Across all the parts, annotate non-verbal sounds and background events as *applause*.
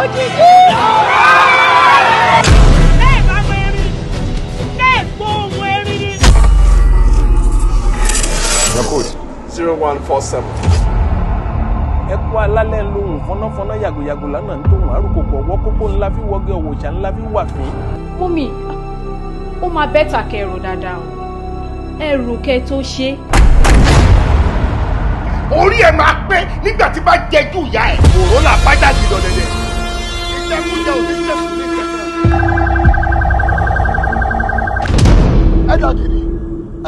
òjijì. bẹ́ẹ̀ bá mọ erin bẹ́ẹ̀ gbọ́ code zero one four seven. ẹ kú alálẹ̀ lóhùn fọ́náfọ́ná yàgòyàgò lánàá ń tóhùn àrùkòkò ọwọ́ kókó ńlá fi wọ́gẹ́ ọ̀wọ̀ṣà ńlá fi wà fún. mumi ó máa bẹ́tà kẹrù dáadáa o ẹrù kẹ tó ṣe orí ẹ̀ máa pé nígbà tí bá jẹjú ìyá ẹ̀ òró là bá jáde jẹkújẹ ò ní jẹkú ní kẹkẹ. ẹ dàgìrì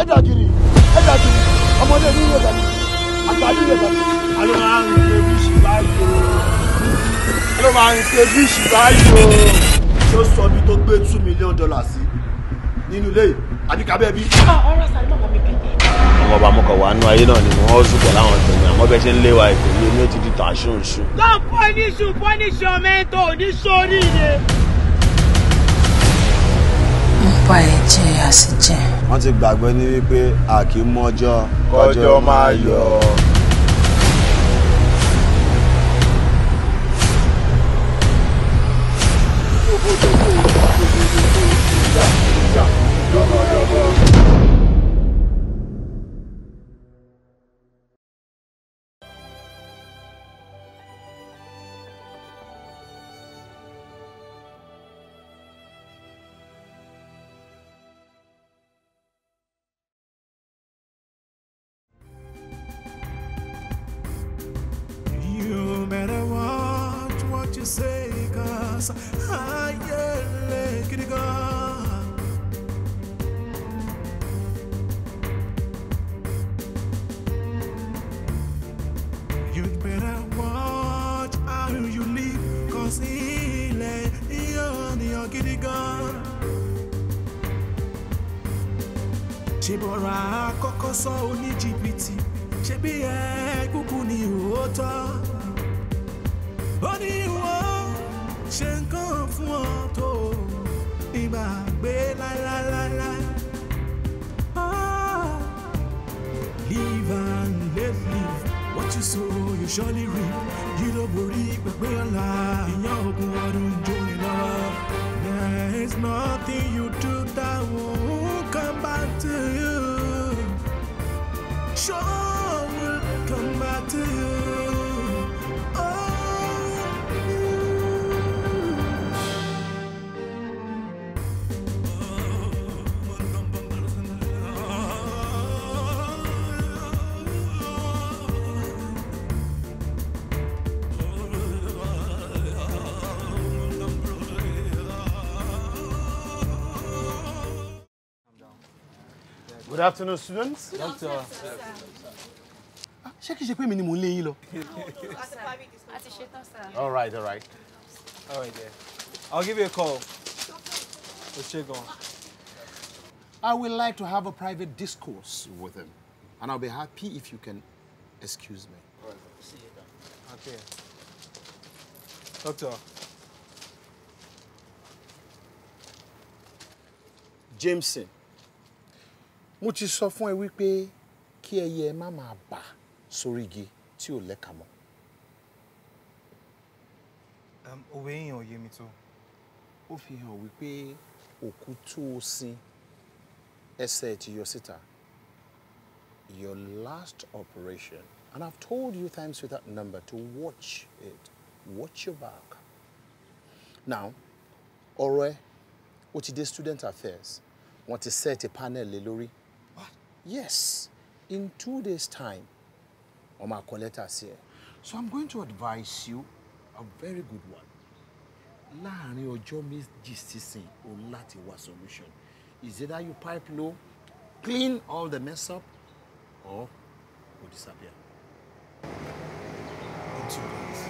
ẹ dàgìrì ẹ dàgìrì ọmọdé ní ìyẹn dàgìrì àgbàdo ìyẹn dàgìrì. alo máa ń ṣe bíṣì báyìí o alo o sọ bí tó gbé two million dollars sí nínú ilé àbíkábẹ́ bí. ọ̀rọ̀ sàlùmọ̀ mọ̀ mi bí kan bá mú kan wà nú ayé náà ni wọ́n sùpọ̀ láwọn tèmi àmọ́ bẹ́ẹ̀ ṣe ń léwa ètò yìí ní ti di tàn ṣóṣù. lọ́pọ̀ oníṣù pọ́níṣọ mẹ́tò oníṣoríire. nípa ẹ̀jẹ̀ àṣìjẹ́. wọ́n ti gbàgbé ní wípé a kì kọjọ́ máa yọ. Yeah. *laughs* Jesus. Higher, let go. ṣe bọ̀rọ̀ àkọ́kọ́ sọ oníjìbìtì ṣe bí ẹ kúkú ni òótọ́. surely reap yìí ló borí pẹpẹ ọ̀la ìyàn ogun ọdún jóni lọ. there is nothing you do that won't come back to you. show. afternoon, students. Doctor. ṣé kìí ṣe pé mi ni all right all right. all right there i'll give you a call. I would like to have a private discourse with him and I'll be happy if you can excuse me. All right. Okay. Doctor. Jameson. mo ti sọ fún ẹ wípé kí ẹyẹ má máa bà sórí igi tí ò lẹ́ka mọ́. òwe èèyàn ò yé mi tó. ó fi hàn wípé òkú tó o sin ẹsẹ̀ ti yọ síta your last operation and I've told you times without number to watch it watch your back now ọ̀rọ̀ ẹ o ti dé student affairs wọ́n ti set a panel lé lórí Yes, in two days' time, wọ́n máa kọ So I'm going to advise you a very good one. Láàárín ọjọ́ méjì sísìn, o láti solution. Is either you pipe low, clean all the mess up, or you disappear. In two days.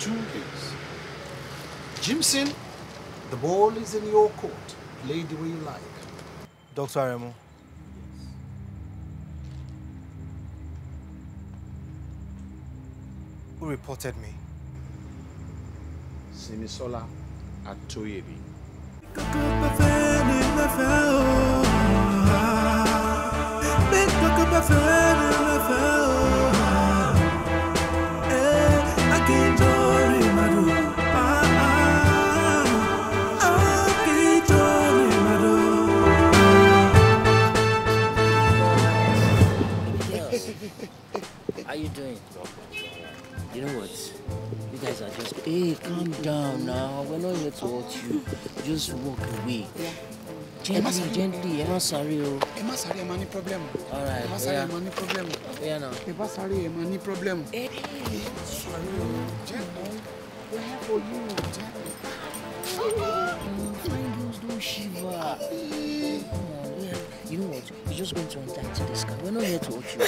Two days. Jimson, the ball is in your court. Play the way you like. Dr. Aremu. Who reported me? Simisola Atoyebi. Big just walk away. gently gently ẹ sorry, oh. o. sorry, má sáré ẹ má ní problem. ẹ má sáré sorry, má ní problem. ẹ má sáré ẹ má ní problem. ẹ sáré gently we have for you gently. my girls shiver. You know what? We're just going to enter this car. We're not here to watch you,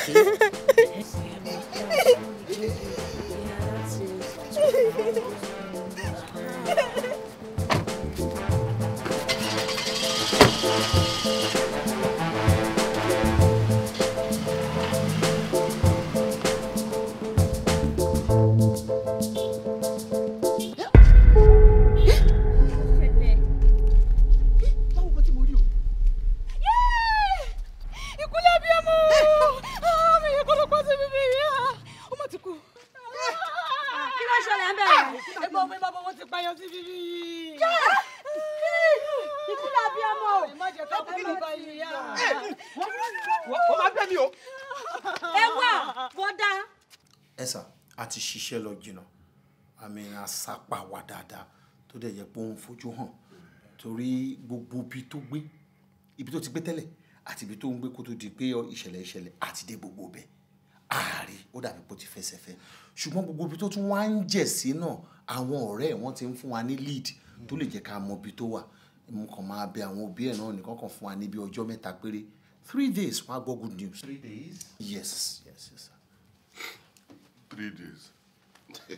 okay? *laughs* tó dẹ̀ yẹ pé ó ń fojú hàn torí gbogbo ibi tó gbé ibi tó ti gbé tẹ́lẹ̀ àti ibi tó ń gbé kó tó di pé ìṣẹ̀lẹ̀ ìṣẹ̀lẹ̀ àti dé gbogbo bẹ̀ ààrí ó dàbí pé ó ti fẹsẹ̀ fẹ́ ṣùgbọ́n gbogbo ibi tó tún wá ń jẹ̀ sí náà àwọn ọ̀rẹ́ wọn ti ń fún wa ní lead tó lè jẹ́ ká mọ ibi tó wà mo kàn máa bẹ àwọn òbí ẹ̀ náà nìkan kan fún wa níbi ọjọ́ mẹ́ta péré three days wọn gbọ́ good news. three days. yes yes yes sir. three days *laughs*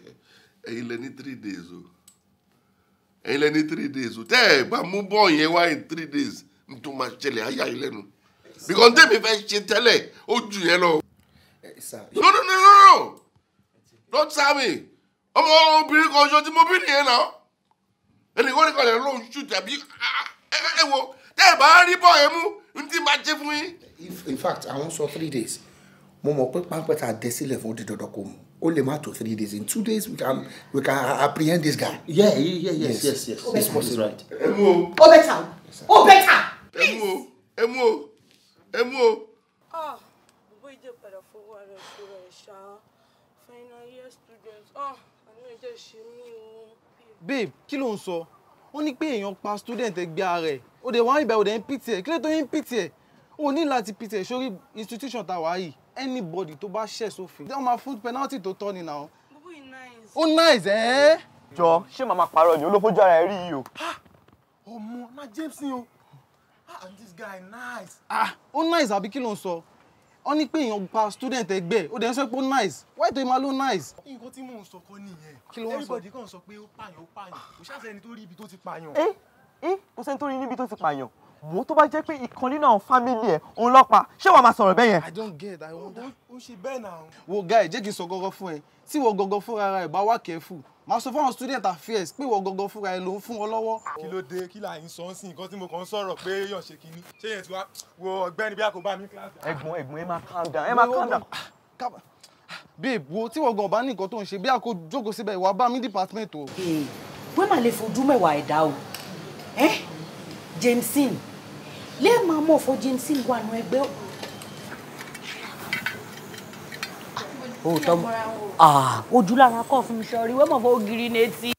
ẹ̀yin lẹ ní three days o. Oh ẹ̀yin lẹ́ni three days o tẹ́ ẹ̀ bá mú bọ́ọ̀ yẹn wá in three days n tó máa ṣẹlẹ̀ ayá yìí lẹ́nu because tèmi fẹ́ ṣe tẹ́lẹ̀ ó jù yẹn lọ. Eh, no no no no no don't tell me ọmọ obìnrin kan ṣo tí mo bí nìyẹn náà ẹnìkan nìkan lè lóun ṣù tàbí ah, ah, ẹ wo tẹ́ ẹ bá rí bọ́ọ̀ yẹn mú n tí máa ṣe fún yín. in fact àwọn sọ three days mo mọ̀ pé pápẹ́ta dẹ sílẹ̀ fún dídọ́dọ́ kò mú Only matter three days in two days we can we can apprehend this guy. yeah yeah yeah yes yes yes this boss is right. emu o. o beta o o beta. emu o emu ah, ah babe kill on so. Only ó your past student ẹgbẹ́ rẹ̀ ó dẹ̀ wá ìbẹ̀wò dẹ̀ ń pìtì ẹ̀ kí ló tó yín pìtì ẹ̀ ó institution tá a anybody to bá ṣẹ̀ sófin wọ́n máa fún penalty to tọ́ ni náà. bùbú yìí nice. ó nice ẹ́. jọ ṣé màmá parọ́ ni olófojú ara ẹ rí yìí o. ọmọ na james ni o ah and this guy nice. Ah! ah ó nice àbí kí ló ń sọ ọ ní pé student ẹgbẹ́ ó dẹ̀ ń sọ pé nice why tó máa ló nice. nǹkan tí mò ń sọ kọ́ nìyẹn kí ló wá sọ everybody kàn sọ pé ó pààyàn ó pààyàn kò ṣàṣẹ́ni to rí ibi tó ti pààyàn. ẹ eh, ẹ eh, kò sẹ́ni tó rí níbi tó ti pààyàn wo tó bá jẹ́ pé ìkan nínú àwọn fámìlì ẹ̀ òun lọ́pàá ṣé wàá máa sọ̀rọ̀ bẹ́ẹ̀ yẹn. i don't get i wonder. ó ṣe bẹ́ẹ̀ náà. wo guy jẹ́ kí n sọ gọ́gọ́ fún ẹ tí wọ́n gọ́gọ́ fúnra ẹ̀ bá wà careful máa sọ fáwọn student affairs pé wọ́n gọ́gọ́ fúnra ẹ̀ ló ń fún wọn lọ́wọ́. kí ló dé kí là ń sọ ń sìn nǹkan tí mo kàn ń sọ̀rọ̀ pé yàn ṣe kinní ṣé yẹn ti wá wo ọ̀gbẹ́ni bí a kò bá mi kíláàsì. ẹ̀gbọ́n ẹ̀gbọ́n ẹ máa calm down ẹ máa calm down babe wo tí wọn gan ọba ní nǹkan tó ń ṣe bí a kò jókòó síbẹ̀ ìwà bá mi department o. Eh, wọ́n máa lè fojú mẹ́wàá ẹ̀dá o eh, jameson lẹ́ẹ̀ma mọ̀ fojì tí ń wà nù O òkú. ó tọ́ ah. ojú lára kọ́ fún mi sọ̀rí wẹ́mọ̀ fọ́ ògiri létí.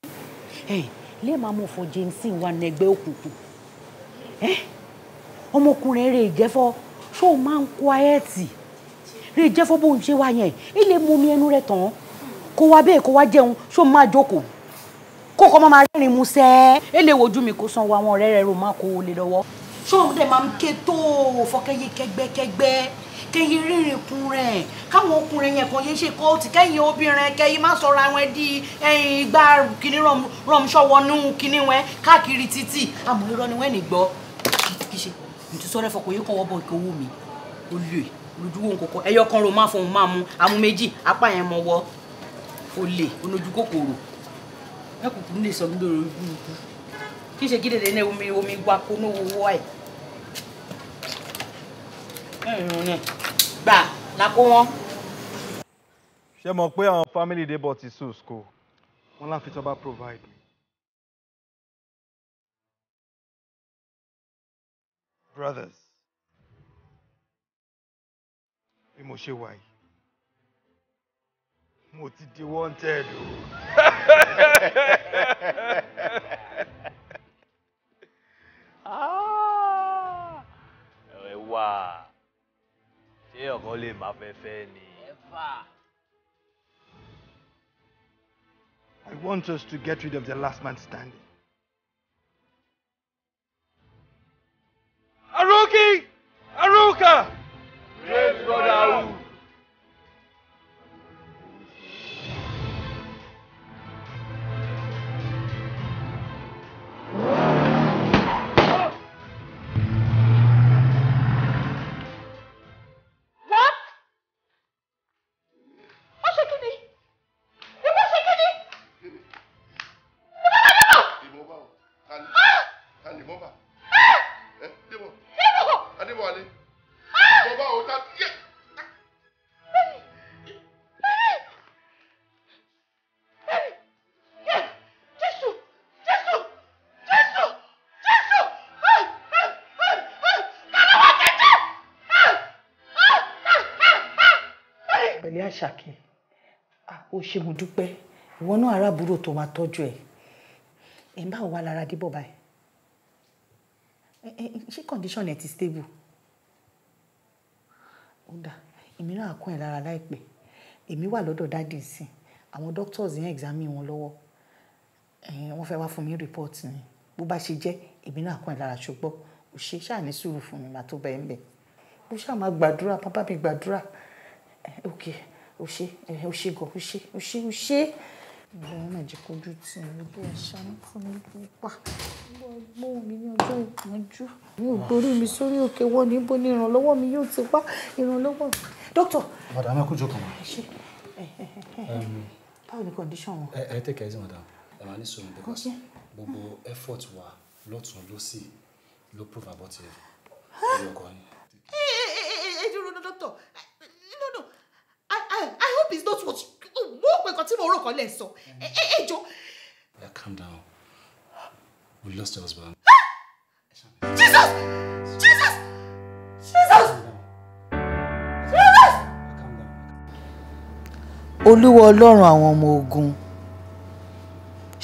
lẹ́ẹ̀ma mọ̀ fojì tí ń wà nù ẹgbẹ́ òkùnkùn. ọmọkùnrin rẹ̀ ìjẹ́fọ́ ṣó o máa ń kó ayẹ́tì rẹ̀ ìjẹ́fọ́ bóun ṣe wá yẹn ilé mú mi ẹnu rẹ̀ tán kó wá re kó wá jẹun ṣó o máa jókòó kó o kọ́ máa rẹ́rìn-ín musẹ́ ẹ lè wojú mi kó sanwó àwọn ọ̀rẹ́ rẹ̀ rò má kó o lè lọ́wọ́ ṣóun dẹ̀ máa ń ké tó fọkẹ́yẹ kẹgbẹ́kẹgbẹ́ kẹyìn rírìn kun rẹ̀ káwọn ọkùnrin yẹn kan yẹn ṣe kọ́ ti kẹ́yìn obìnrin kẹ́yìn má sọ̀rọ̀ àwọn ẹdí ẹ̀yìn igbá kìíní rọmṣọ́wọ́nú kìíní wọn káàkiri títì àmọ́ irọ́ ni wọ́n ní gbọ́ kìí ṣe ìtúsọ́rẹ́ fọkàn yìí kàn wọ́ bọ̀ ìkówó mi ó lè lójúwò kọkọ ẹyọ kan ro máa fohùn máa mu àmú méjì apá yẹn mọ wọ olè onojú kòkòrò ẹkùnkùn lè sọ nílò orí burúkú kí ṣe gídèdè náà omi omi gbapò náà wọwọ ẹ gbà lákó wọn. ṣé mo pé àwọn family dey bọ̀ ti school wọn láfi tó bá provide me. brothers bí mo ṣe wà yìí mo ti di wanted o. *laughs* ah, ẹ wá ṣé ọ̀kan lè má fẹ́ fẹ́ ni. I want us to get rid of the last man standing. Aruki! Aruka! Great Ṣàkẹ́ ó ṣe mo dúpẹ́ ìwọ náà aráàbúrò tó máa tọ́jú ẹ̀ ẹ̀ ń bá wa lára dé bọ̀ báyìí ṣé condition ẹ̀ ti stable ó dà èmi náà kún ẹ̀ lára láìpẹ́ èmi wà lọ́dọ̀ dáàdì sí àwọn doctors yẹn examine wọn lọ́wọ́ wọ́n fẹ́ wá fún mi report ni bó bá ṣe jẹ́ èmi náà kún ẹ̀ lára ṣùgbọ́n ò ṣe ṣáà sùúrù fún mi màá tó bẹ́ẹ̀ ń bẹ̀ bó ṣáà máa gbàdúrà bàbá mi gbàdúrà ok o ṣe o ṣe gan o ṣe o ṣe kojú tí mo bí ẹ̀ṣá ń fún mi púpà gbọ́n mi ní ọjọ́ ìpọ́njú mi ò gbórí mi sórí òkè wọ́n níbo ni ìrànlọ́wọ́ mi yóò ti wá ìrànlọ́wọ́ dókítà. madam ẹ kú jókòó mọ. báwo ni condition wọn. ẹ ẹ take easy madam ẹ máa ní sùúrù because gbogbo effort wa lọ́tún lọ́sì ló prove about ẹ ẹ ọkọ yín. ẹ ẹ ẹ ẹ dúró dókítà is not what you mo pe nǹkan tí mo rò kọ́ lẹ̀ sọ ẹ ẹ jọ. calm down we lost our husband. Ah! jesus jesus jesus jesus. olúwa ọlọ́run àwọn ọmọ ogun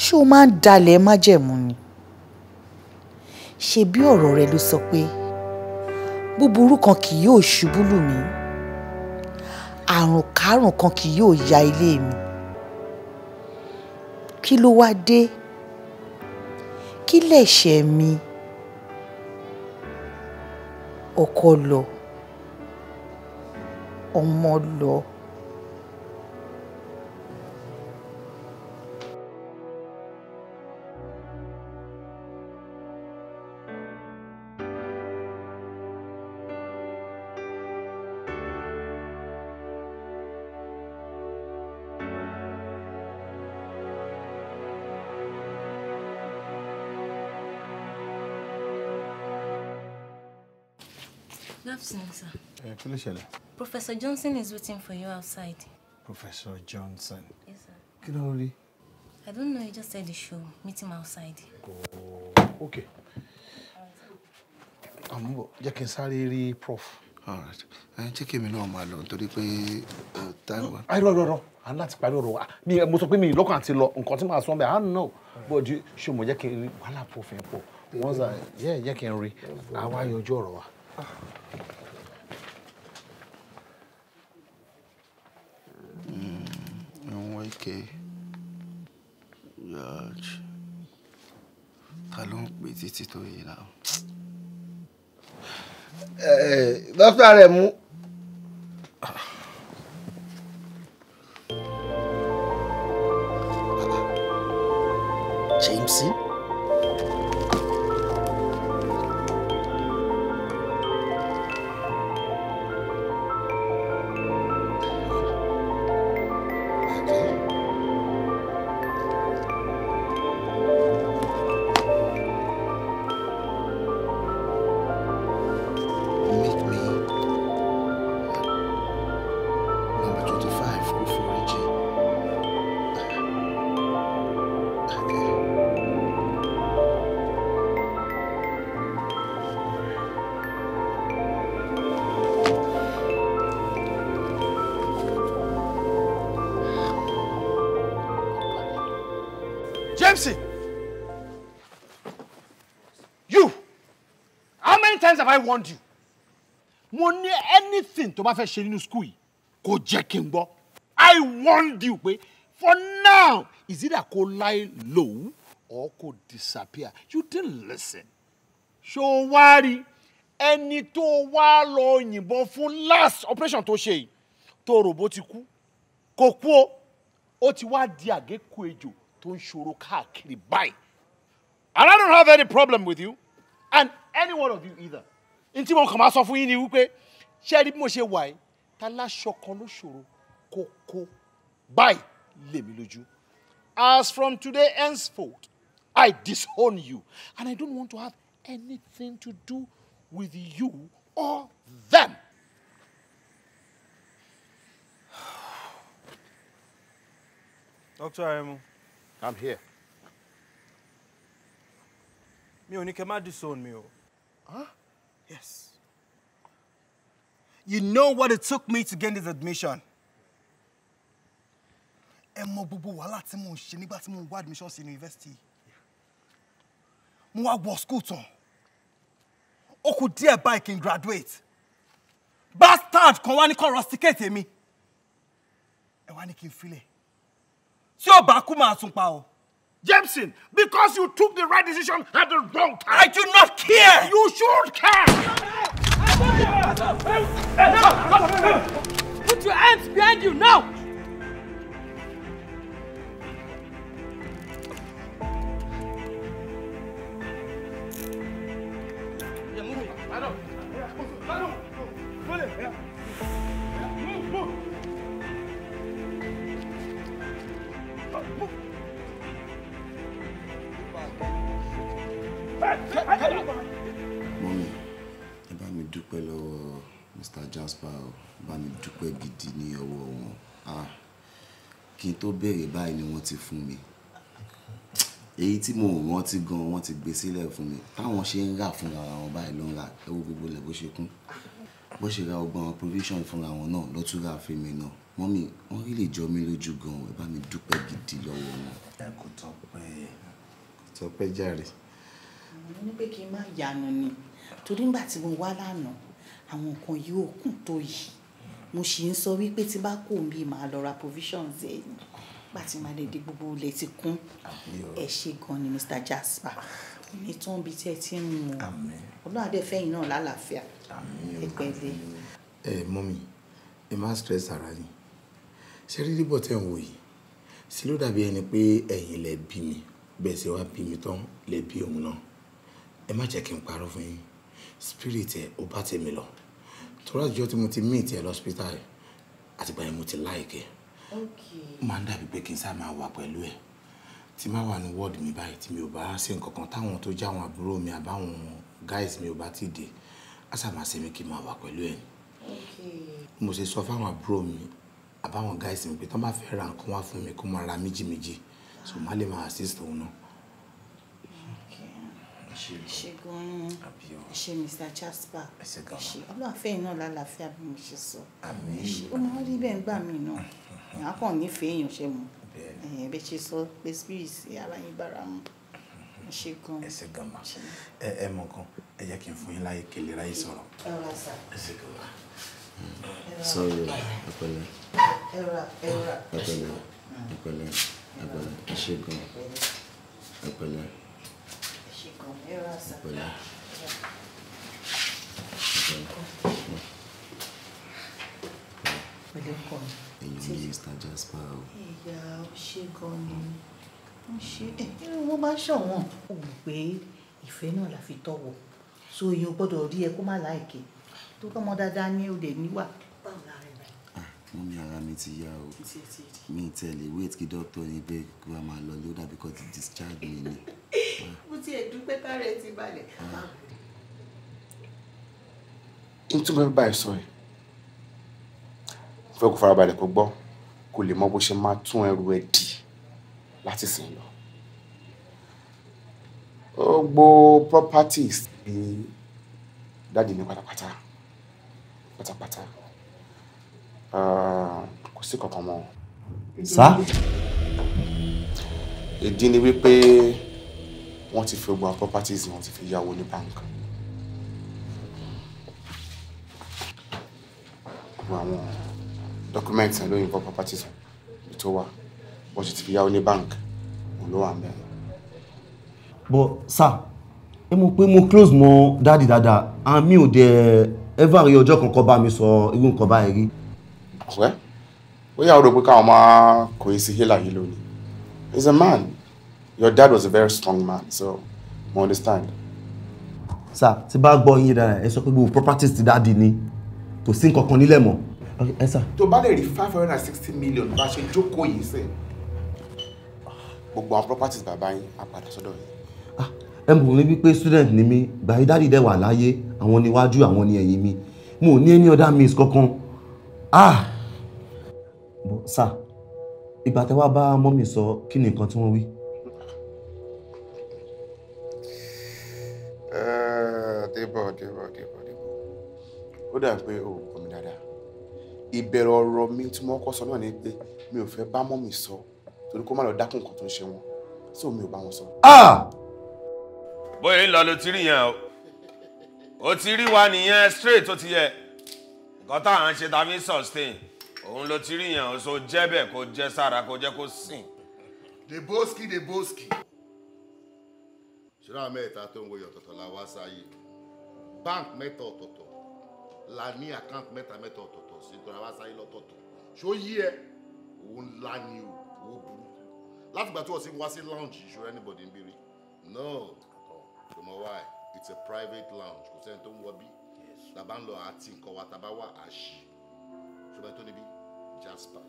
ṣé o máa ń dalẹ̀ májẹ̀mú ni ṣebí ọ̀rọ̀ rẹ ló sọ pé búburú kan kì yóò ṣubú lù mí àrùn kárùn kan kì yóò ya ilé mi kí ló wá dé kí lẹ̀ṣẹ̀ mi ọkọ lọ ọmọ lọ. kí ló Professor Johnson is waiting for you outside. Professor Johnson. Yes, sir. kí ló I don't know he just said the show meet him outside. Oh, okay. I'm going. jẹ́ kí n prof. all right I'm kí me now, my lord. nítorí pé time I àìrọ̀ rọ̀ rọ̀ à ń láti parí ọ̀rọ̀ wa mi mo sọ pé mi lọ́kàn àti lọ nǹkan tí I don't know but ṣé show jẹ́ kí n rí wàhálà prof yẹn pọ̀ yeah, sà yẹ́ jẹ́ kí n rí àwa yọjú Láìkẹ́ George ta ló ń pè títí tó yẹ náà. dókítà rẹ̀ mú. Jameson. want you mo ní anything to bá fẹ́ ṣe nínú school yìí kò jẹ́ kí n i warned you pé for now is it a kó lie low or kó disappear you didn't listen ṣó worry. Any ẹni tó wá lọ yìnbọn last operation to ṣe To tó rò bó ti kú kò kú o ó ti wá di àgékù ejò tó ń ṣòro káàkiri and i don't have any problem with you and any one of you either n mo kàn máa sọ fún yín ni wípé ṣé ẹ rí bí mo ṣe wà yìí ta láṣọ kan ló ṣòro kókó báyìí lèmi lójú as from today henceforth I disown you and I don't want to have anything to do with you or them. Doctor Aremu. I'm here. Mi ò ní kẹ́ má disown mi o. Huh? Yes. You know what it took me to gain this admission. Emo mọ gbogbo wàhálà mo mò ń ṣe nígbà tí admission sí yunifásitì. Mo wá wọ school tán. Ó kù díẹ̀ báyìí kí graduate. Bastard kan wá ní kó rusticate èmi. Ẹ wá ní kí n filẹ̀. Tí ò bá kú máa pa o. Jameson, because you took the right decision at the wrong time. I do not care. You should care. Put your hands behind you now. ni wọ́n ti fún mi èyí tí mo rántí gan wọ́n ti gbé sílẹ̀ fún mi táwọn ṣe ń rà fúnra wọn báyìí ló ń ra ẹwọ́ gbogbo lẹ̀ bó ṣe kún bó ṣe ra ọgbọ́n àwọn provision fúnra wọn náà ló tún ra fún mi náà wọ́n mi wọ́n rí lè jọ mí lójú gan ẹ bá mi dúpẹ́ gidi lọ́wọ́ wọn. kò tọ́pẹ́ kò tọ́pẹ́ jàre. àwọn ní pé kí n má yanu ni torí ngbà tí mo wá lánàá àwọn nǹkan yìí ò kùn tó yìí mo sì ń sọ wípé tí bá kò ń bí màá lọ ra provisions ẹ̀yìn nígbà tí màá lè di gbogbo ilẹ̀ ti kún ẹ ṣe gan ni Mr. Jasper ní tó ń bi tí ẹ ti ń mu ọlọ́àdẹ fẹ́yìn náà lálàáfíà ẹgbẹ́lẹ́. ẹ mọ́mí ẹ má stress ara yín ṣé rí díbọ̀ tẹ̀ ń wò yìí sí ló dàbí ẹni pé ẹ̀yin lẹ bí mi bẹ́ẹ̀ sì wá bí mi tán lẹ bí òun náà ẹ má jẹ́ kí n parọ́ fún yín spirit ẹ̀ ó bá tèmi lọ torí àjọ tí mo ti meet ẹ lọ́spítà àtìgbà yẹn mo ti láìkẹ́. Like máa ń dàbí pé kí n sá máa wà pẹ̀lú ẹ̀ tí máa wà ní wọ́ọ̀dù mi báyìí tí mi ò bá ṣe nǹkan kan táwọn tó jáwọn àbúrò mi àbáwọn guys mi ò bá ti dé á sá máa ṣe mí kí n máa wà pẹ̀lú ẹ̀ ni mo ṣe sọ fáwọn àbúrò mi àbáwọn guys mi pé tán bá fẹ́ ra nǹkan wá fún mi kó máa ra méjì méjì so má lè máa assist òun náà. ṣe gan-an ṣe Mr. Jasper ṣe ọlọ́àfẹ́ iná lálàáfíà bí mo ṣe sọ ó máa rí bẹ́ẹ̀ ń gbà mí náà èèyàn á kàn nífẹ̀ẹ́ èèyàn ṣe mọ́ ẹ̀yìn bẹ́ẹ̀ ṣe sọ pé spirit aláyín bára mu ẹ ṣe gan. ẹ ṣe gan ma ẹ ẹ mọ kan ẹ jẹ́ kí n fún yín láyé kele ráyè sọ̀rọ̀ ẹ ṣe gan ma. sọ̀rọ̀ ẹ̀pẹ̀lẹ́ ẹ̀pẹ̀lẹ́ ẹ̀pẹ̀lẹ́ ẹ̀pẹ̀lẹ́ ẹ gan ẹ̀pẹ̀lẹ́ ẹ̀pẹ̀lẹ́. Pẹ̀lẹ́ kọ́ ẹ̀yin Mr. Jasper o. ìyá ó ṣe gan ni ó ṣe inú wọn bá ṣọ̀wọ́n. ó wù pé ìfẹ́ náà la fi tọ̀wọ̀ so èèyàn gbọ́dọ̀ rí ẹ kó má láìké e. tó kọ́ mọ́ dáadáa ní òde níwà. báwo la rẹ̀ rẹ̀. wọ́n mi ara mi ti yá o mi tẹ̀lé wait kí dókítà ní bẹ́ẹ̀ kí wọ́n máa lọ lé ó dàbí kó ti discharge mi ni. *laughs* mo ti ẹ̀ dúpẹ́ ká rẹ̀ ti balẹ̀. Ah. n tún bẹ́ẹ̀ báyìí sọ yìí fẹ́ kó farabalẹ̀ kó gbọ́ kó lè mọ bó ṣe máa tún ẹrù ẹ dì láti sìn lọ. gbogbo properties ni dáàdì ní pátápátá pátápátá ah, kò sí kankan mọ́. sá. ìdí ni wípé wọ́n ti fi gbogbo properties wọ́n ti fi yáwó ní báńkì. gbogbo àwọn dọ́kúmẹ́ǹtì ló yìnbọn property sọ tó wà bó ṣe ti fi yáwó ní bank òun ló wà ń bẹ̀rẹ̀. but sir ẹ mọ̀ pé mo close mọ́ dáàdì dáadáa and mi ò dẹ̀ ever rí ọjọ́ kankan bá mi sọ irú nǹkan báyìí rí. ọ̀rẹ́ ó yà ó rò pé káwọn máa kò í e sí hílà yìí he is a man your dad was a very strong man so mo understand. sir tí bá gbọ́ yín dára ẹ sọ pé gbogbo properties ti dáàdì ni kò sí nǹkan kan nílẹ̀ Okay, sir. tó bá lè rí five hundred and sixty million bá ṣe jókòó yìí sẹ́ gbogbo àwọn properties bàbá yín á padà sọ́dọ̀ yìí. Ah, ẹ mọ̀ ní wípé student ni mí gbàyí dáàdì dẹ̀ wà láyé àwọn níwájú àwọn ní ẹ̀yìn mi mo ò ní any other means kankan. Ah! sà ìgbà tẹ́ wá bá mọ́mì sọ kí ni nǹkan tí wọ́n wí. Eh, débọ̀ débọ̀ débọ̀ débọ̀ ó dà pé o ìbẹ̀rẹ̀ ọ̀rọ̀ mi tí mo kọ́ sọ náà ni pé mi ò fẹ́ bá mọ́ mi sọ torí kó má lọ dákùn nǹkan tó ń ṣe wọn so mi ò bá wọn sọ. bóyá ń ló ti rí yẹn o ó ti rí wa nìyẹn straight tó ti yẹ nǹkan táwọn ṣe ta fi ń sustain òun ló ti rí yẹn o so jẹ́ bẹ́ẹ̀ kó jẹ́ sára kó jẹ́ kó sìn. deboski deboski ṣúra mẹ́ta tó ń wo ìyọ̀tọ̀tọ̀ la wá sáyé bank mẹ́ta ọ̀tọ̀ọ̀tọ̀ la ní account mẹ́ta mẹ́ta ọ̀tọ̀ọ̀tọ̀ yàtọ̀ sí tó ara sáré lọ́tọ̀ọ̀tọ̀ ṣó yí ẹ owó ńlá ni o owó burúkú látìgbà tí wọ́n sì wá sí lounge ìṣó anybody ń bèrè no kò mọ wá it's a private lounge kò sẹ́ni tó ń wọ bí tàbá ń lọ àti nǹkan wa tàbá wà àṣì ṣùgbọ́n tó níbí Jasper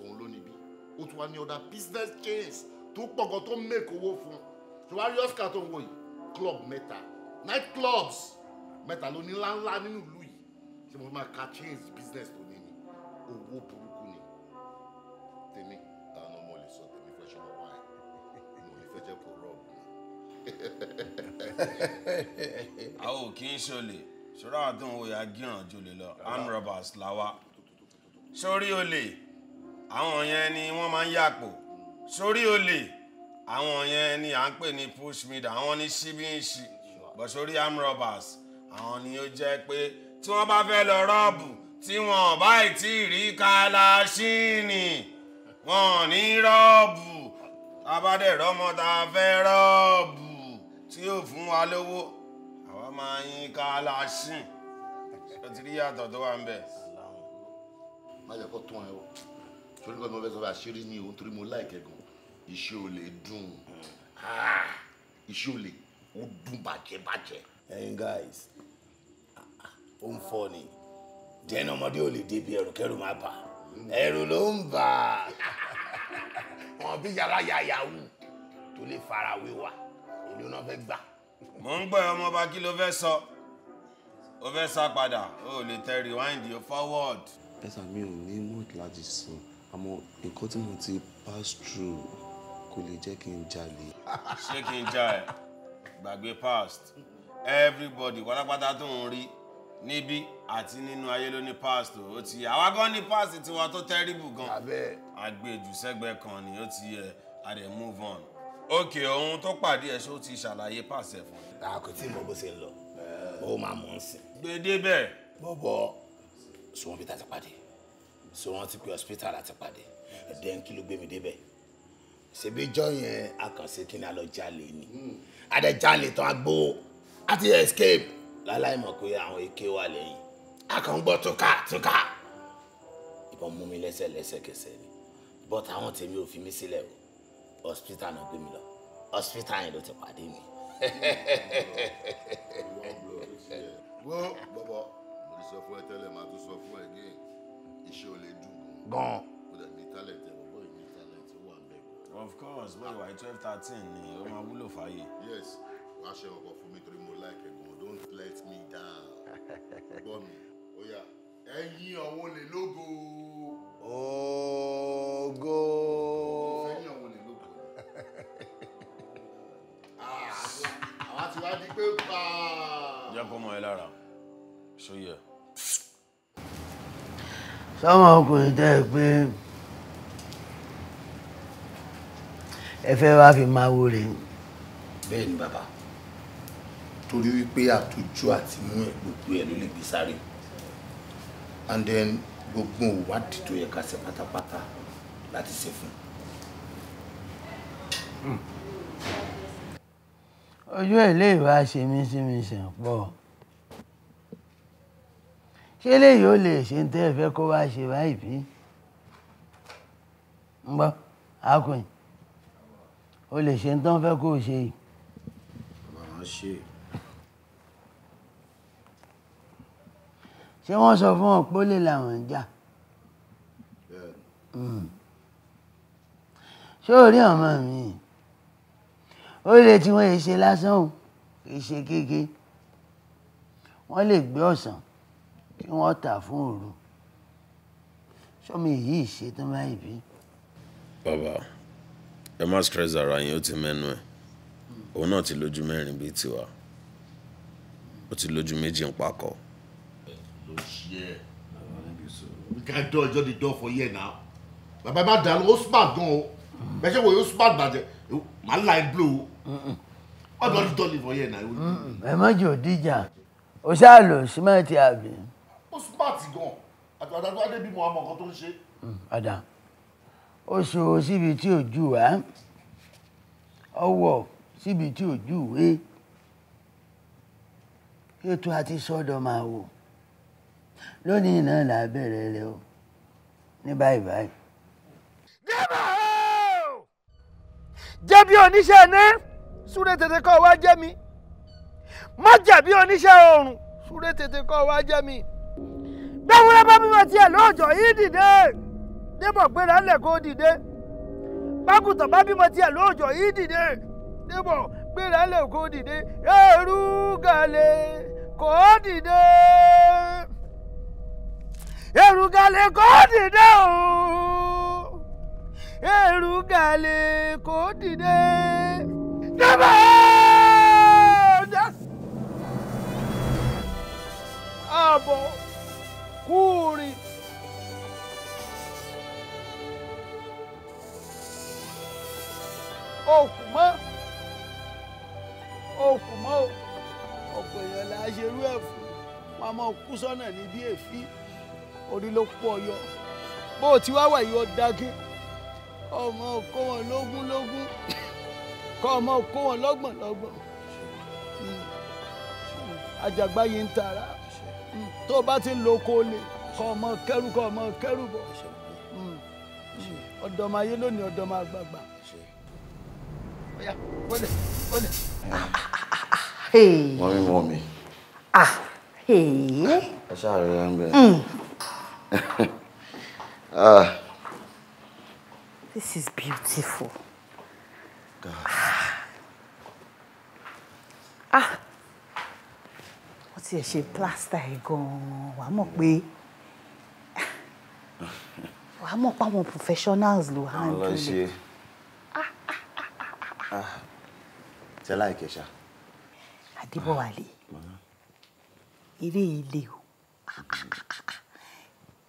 òun ló níbí ó tún wá ní ọ̀dà business chains tó pọ̀ gan tó ń make owó fún un ṣùgbọ́n arius car tó ń wò yìí club mẹ́ta night clubs mẹ́ta ló ní ńláńlá nínú ìlú ṣé mo máa ka change business tó ní ni owó burúkú ni tèmi àwọn ọmọ lè sọ tèmi fẹ́ ṣe lọ wá mo lè fẹ́ jẹ́ kó rọ́ọ̀bù mi. a ò kí ń ṣolè ṣọ́ra àdúgbò wo ya gíràn jolè lọ armed robbers làwa sórí olè àwọn yẹn ni wọ́n máa ń yàpò sórí olè àwọn yẹn ni à ń pè ní push àwọn ní ṣíbíǹṣì bọ̀ sórí armed robbers àwọn ni ó jẹ́ pé tí wọ́n bá fẹ́ lọ rọ́ọ̀bù tí wọ́n bá ti rí kálásìnì wọn ní rọ́ọ̀bù abádẹ̀rọ̀ ọmọ tá a fẹ́ rọ́ọ̀bù tí yóò fún wa lówó àwa máa yín kálásìn ó ti rí yàtọ̀ tó wà ń bẹ̀. má jẹ́ kó tún ẹ o torí pé mo fẹ́ sọ pé àṣírí ni òun torí mo láìkẹ́ gan iṣẹ́ ò lè dùn hmm. ah, iṣẹ́ ò lè ó dùn bàjẹ́ bàjẹ́. guys ó ń fọ́ ni dẹ́nu ọmọdé ò lè débi ẹrù kẹrù má bà ẹrù ló ń bà wọn bí yàrá yàyà wù tó lè fara wíwà ìlú náà fẹ́ gbà. mo ń gbọ́ ọmọ ọba kí ló fẹ́ sọ ó fẹ́ sá padà ó lè tẹ rewind yóò forward. ẹ̀sà mi ò ní mọ́ọ̀tì láti sọ àmọ́ nǹkan tí mo ti pass through kò lè jẹ́ kí n jalè. ṣé kí n ja ẹ gbàgbé past everybody pátápátá tó ń rí níbí àti nínú ayé ló ní past ó ti àwa gan ní past tiwa tó tẹ́rìbù gan àgbèjù e sẹ́gbẹ́ kan ni ó ti yẹ a dẹ̀ move on ok ohun tó pàdé ẹ ṣó ti ṣàlàyé pàṣẹ fún mi. a kò tí ì mọ bó ṣe ń lọ ó máa mọ̀ ń sìn. gbèdé bẹ́ẹ̀. bọ́bọ̀ sọ wọn bí ta ti pàdé sọ ti pé hospital àti pàdé ẹ̀dẹ́ kí ló gbé mi débẹ̀ ṣebí jọ yẹn a kàn kí ni a lọ jalè ni a jalè tán a gbó escape láláì mọ̀ pé àwọn èké wà lẹ́yìn a kàn ń gbọ́ túká túká ìbọn mú mi lẹ́sẹ̀ lẹ́sẹ̀kẹsẹ̀ ni but àwọn tèmi ò fi mí sílẹ̀ o hospital náà gbé mi lọ hospital yẹn ló ti pàdé mi. *laughs* wo bọbọ mo ti sọ fún ẹ tẹ́lẹ̀ màá tún sọ fún ẹ gẹ iṣẹ́ ò lè dùn gan. o dẹ̀ ní talent ẹ bọbọ yìí talent ó wà bẹ́ẹ̀. of course bóyá ìwà twelve thirteen ni ó máa wúlò fáyé. yes wàá ṣe ọkọ fún mi tó don't let me down. gbọ́ mi ó yá ẹ̀yin àwọn olè lógo. ògo. ẹ̀yin àwọn olè lógo. Ah, àwa ti wá di pé pa. jẹ́ kó mọ ẹ lára ṣó yẹ. sáwọn ọkùnrin tẹ́ ẹ pé ẹ fẹ́ wá fi máa wo bẹ́ẹ̀ ni bàbá torí wípé àtòjú àti mú ẹ̀ gbogbo ẹ̀ ló lè gbé sáré and then gbogbo ìwádìí tó yẹ ká ṣe pátápátá láti ṣe fún un. ojú ẹ̀ lè wá ṣe mí sí mi ṣàn pọ̀ ṣé léyìí ó lè ṣe tẹ́ ẹ fẹ́ kó wá ṣe báyìí bí ń gbọ́ akùn ó lè ṣe tán fẹ́ kó ṣe yìí. màá ṣé wọ́n sọ fún ọ pé ó lè làwọn ń jà hmm. ṣé ò rí ọmọ mi ó lè tí wọ́n ṣe lásán o kì í ṣe kéke wọ́n lè gbé ọ̀sán kí wọ́n tà fún òru sọmi èyí ṣe tán báyìí bí. bàbá ẹ má stress ara yín ó ti mẹ́nu ẹ̀ òun náà ti lójú mẹ́rin bíi tiwa ó ti lójú méjì ń pakọ̀ this year. I don't think so. We can't do just the door for year now. Bàbá bá dànù ó smart gan o. Bẹ́ẹ̀ ṣe wo yóò smart bàjẹ́ màá láì blow o. Wọ́n lọ dùn ní for year now. Ẹ má jò díjà. O ṣáà lò símẹ́ǹtì àbí. Ó smart gan. Àtàwọn àtàwọn adébímọ àmọ̀ kan tó ń ṣe. Mm, ọ̀dà ó so síbi tí òjú wá ọwọ́ síbi tí òjú wé ètò àti sọ́dọ̀ máa wò lónìí náà là á bẹ̀rẹ̀ rẹ o ní báyìí báyìí. jẹ́bà o jẹ́bi oníṣẹ́ iná súré tètè kọ́ wá jẹ́ mi má jẹ̀bi oníṣẹ́ oòrùn súré tètè kọ́ wá jẹ́ mi gbẹ̀wúrẹ́ bá mímọ tiẹ̀ lóòjọ́ yìí dìde débọ̀ gbéra ńlẹ̀ kó dìde bákùtàn bá bímọ tiẹ̀ lóòjọ́ yìí dìde débọ̀ gbéra ńlẹ̀ kó dìde ẹrú kó dìde. Èrùgàlẹ̀ kò dìde o Èrùgàlẹ̀ kò dìde dábà dá àbọ̀ kúrin. òkú mọ́ òkú mọ́ ọ̀pọ̀ èèyàn là á ṣerú ẹ̀ fún wọn a máa kú sọ́nà ní bí èéfín orí ló kú ọyọ bó o ti wá wà yìí ó dákẹ́ ọmọ kó wọn lógún lógún kọ́ ọmọ kó wọn lọ́gbọ̀n lọ́gbọ̀n àjàgbá yìí ń tara tó o bá ti ń lo oko olè kọ́ ọmọ kẹ́rù kọ́ ọmọ kẹ́rù bọ̀ ọ̀dọ́mọ ayé lónìí ọ̀dọ́mọ àgbààgbà. wọ́n mi. Ah, ẹ ṣáà rẹ̀ ń bẹ̀rẹ̀. Hmm ah. This is beautiful. God. Ah. ah. Wọ́n ti ẹ̀ ṣe plaster ẹ̀ gan-an, wàá mọ̀ pé wàá mọ̀ pé àwọn professionals ló handle it. Àwọn lọ ṣe. Ah, ah, Ṣé láìkẹ́ ṣá? Adébọ̀wálé, eré ilé o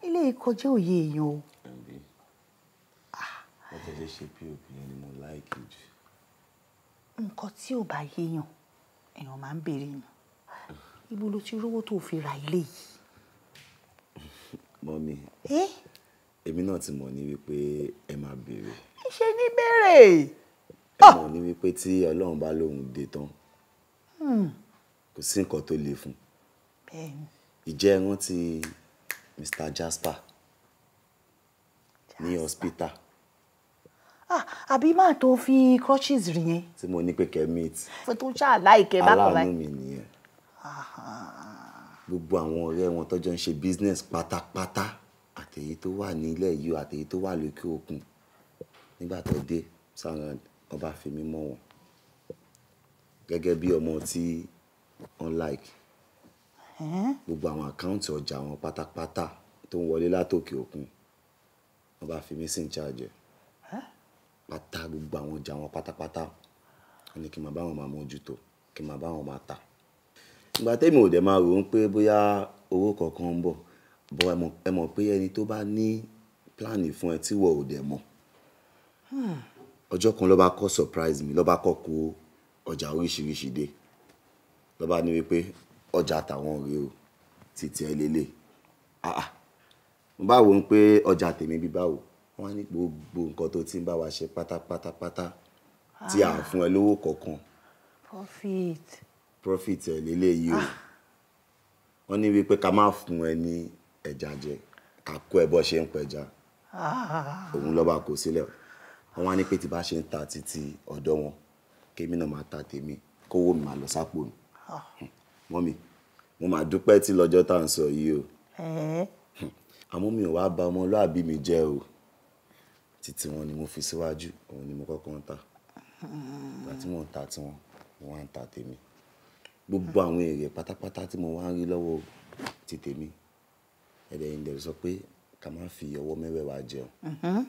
ilé ìkọjá òye èèyàn o. ẹ̀mí ọ̀tẹ̀lẹ̀ ṣe pop yẹn ni mo láìkì jù. nǹkan tí ò bá yéèyàn èèyàn máa ń béèrè yàn ibo ló ti rówó tó fi ra ilé yìí. mọ́mí èmi náà ti mọ̀ ní wípé ẹ máa béèrè. ṣe ní béèrè. ẹ mọ̀ ní wípé tí ọlọ́run bá lóun dé tán hmm. kò sí nǹkan tó le fún un. ìjẹ́ rántí. Mr. Jasper ní hospital. ah àbí máa tó fi crutches rí yẹn. tí mo ní pé kẹ́ meet. fún tó ń ṣàlàyé aláàánú mi nìyẹn. gbogbo àwọn ọ̀rẹ́ wọn tọ́jọ́ ń ṣe business pátápátá àtẹ̀yí tó wà nílẹ̀ yìí àtẹ̀yí tó wà lókè òkun nígbà tó dé sáwọn ọba fi mí mọ̀ wọ́n gẹ́gẹ́ bí ọmọ tí unlike gbogbo àwọn àkáǹtì ọjà wọn pátápátá tó ń wọlé látòkè òkun wọn bá fi mí sí ìcháàjẹ pátá gbogbo àwọn ọjà wọn pátápátá wọn ni kí n máa bá wọn máa mójútó kí n máa bá wọn máa tà ìgbà tẹ́mi ò dẹ̀ máa rò ó pé bóyá owó kọ̀ọ̀kan ń bọ̀ bọ́ ẹ mọ̀ pé ẹni tó bá ní pílánì fún ẹ tí wọ́n ò dẹ̀ mọ̀ hmm. ọjọ́ kan ló kọ́ surprise mi ló bá kọ́ kó ọjà oríṣiríṣi dé ló ní wípé ọjà tàwọn rèé o títí ẹ lélẹ̀ àà mo bá wo pé ọjà tèmi bí báwo wọn á ní gbogbo nǹkan tó ti ń bá wa ṣe pátápátápátá tí à ń ah. fún ẹ lówó kọ̀ọ̀kan. profit. profit ẹ lélẹ̀ yìí o ah. wọn ní wípé ká má fún ẹ ní ẹja jẹ ká kó ẹ bó ṣe ń pẹja ah. òun lọ́ba kò sílẹ̀ wọn wá ní pé tí bá ṣe ń ta títí ọ̀dọ́ wọn kémi náà máa ta tèmi kówó mi máa lọ sápò ni. Hmm mọ́mì mo máa dúpẹ́ tí lọ́jọ́ tá à ń sọ yìí o *laughs* àmọ́ mi ò wá bà ọmọlúàbí mi jẹ́ o títí wọn ni mo fi síwájú òun ni mo kọ́kọ́ ń ta ìgbà tí wọ́n ń ta tiwọn mo wá ń ta tèmi gbogbo àwọn èrè pátápátá tí mo wá ń rí lọ́wọ́ ti tèmi ẹ̀dẹ̀ yìí ń dẹ̀ sọ pé ká má fi ọwọ́ mẹ́wẹ̀ẹ̀wá jẹun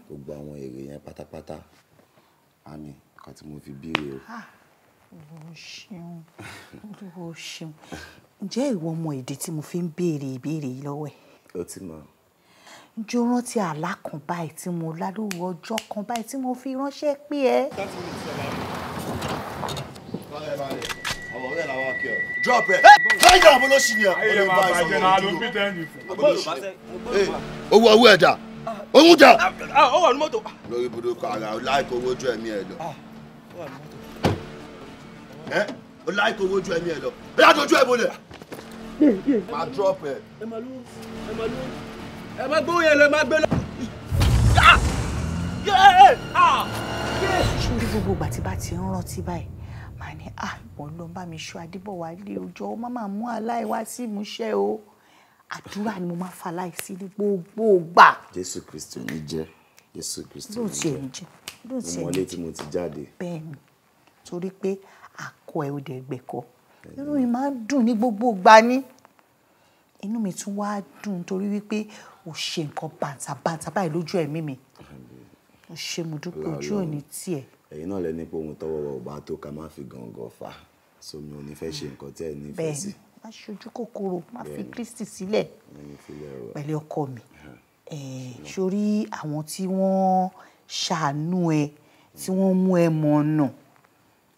gbogbo àwọn èrè yẹn pátápátá àmì kan tí mo fi bí rè o. Ah olùwọ ṣeun olùwọ ṣeun ǹjẹ́ ìwọ mọ ìdí tí mo fi ń béèrè ìbéèrè yìí lọ́wọ́ ẹ̀. o ti mọ. jó rántí àlá kan báyìí tí mo lálórí ọjọ́ kan báyìí tí mo fi ránṣẹ́ pé ẹ. drop ẹ fẹjọ abolóṣì ni ẹ olùbá ìsọmọ owó owó ẹ dà ohun ó wà ní mọ́tò. lórí ibùdókọ̀ ara láìpẹ́ owó ojú ẹ̀mí ẹ lọ ẹ o láì kó wojú ẹmí ẹ lọ ó yà dojú ẹ bolẹ̀. máa drop ẹ. ẹ máa lú ẹ máa lú ẹ máa gbóhùn yẹn lọ ẹ máa gbé lọ. ṣùgbọ́n gbogbo ìgbà tí bá ti ń rántí báyìí màá ní àìbọn ah, ló ń bá mi ṣọ́ adébọ̀wálé ọjọ́ ó má máa mú aláìwá sí ìmúṣẹ o àdúrà ni mo máa fa láìsí ní gbogbo ìgbà. jésù kristu ní jẹ́ jésù kristu ní jẹ́ ìmọ̀lẹ́ tí mo ti jáde. bẹ́ẹ̀ni torí pé àkọ́ ẹ ó dẹ̀ gbẹ̀kọ́ inú mi máa ń dùn ní gbogbo ìgbà ni inú mi tún wá dùn torí wípé o ṣe nǹkan bàǹtàbàǹtà báyìí lójú ẹ̀mí mi o ṣe mo dúpẹ́ ojú òní tiẹ̀. ẹ̀yin náà lẹni pé ohun tọ́wọ́ wa ò bá tó ká má fi gàngàn fà sómi ò ní fẹ́ ṣe nǹkan tẹ́ ẹ nífẹ̀ẹ́ sí. bẹ́ẹ̀ni má ṣojú kòkòrò má fi Kristi sílẹ̀ pẹ̀lú ọkọ mi sórí àwọn tí wọ́n ṣàánú ẹ tí wọ́n mú ẹ mọ̀ náà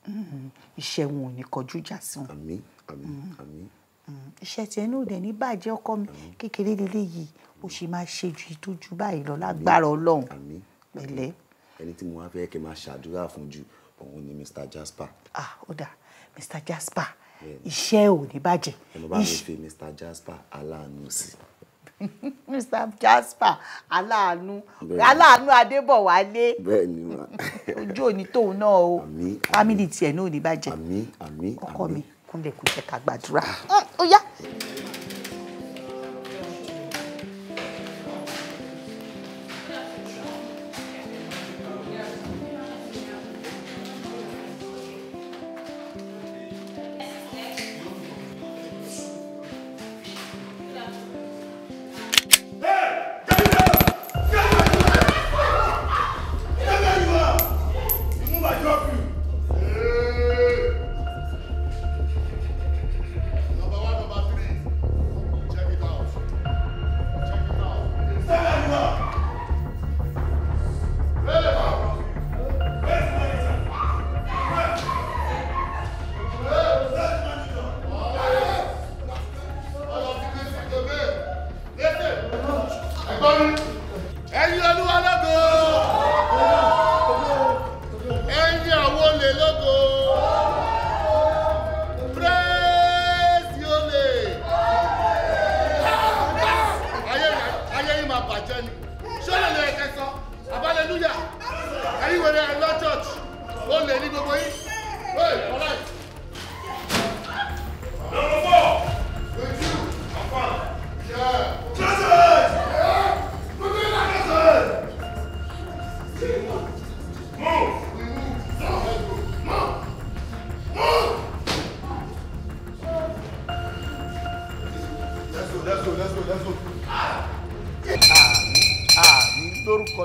Mm-hmm. iṣẹ́ wọn ò ní kọjú ìjà sí wọn. àmín àmín mm-hmm. àmín. Mm-hmm. iṣẹ́ tiẹ̀ náà dẹ̀ ní bàjẹ́ ọkọ mi kékeré lélẹ́ yìí ó sì máa ṣe ju ìtọ́jú báyìí lọ lágbára ọlọ́run pẹ̀lẹ́. ẹni tí mo wá fẹ́ kí n máa ṣàdúrà fún jù òun ni Mr. Jasper. ah ó dáa Mr. Jasper iṣẹ́ ò ní bàjẹ́. ẹ mọ bá mi fi Mr. Jasper aláàánú sí i. *laughs* Mr. Jasper aláàánú aláàánú Adébọ̀wálé *laughs* ojú òní tóun náà o fámìlì tiẹ̀ náà ò ní bàjẹ́ ọkọ mi kúnlẹ̀ kúnlẹ̀ ká gbàdúrà ah. mm, ó yá.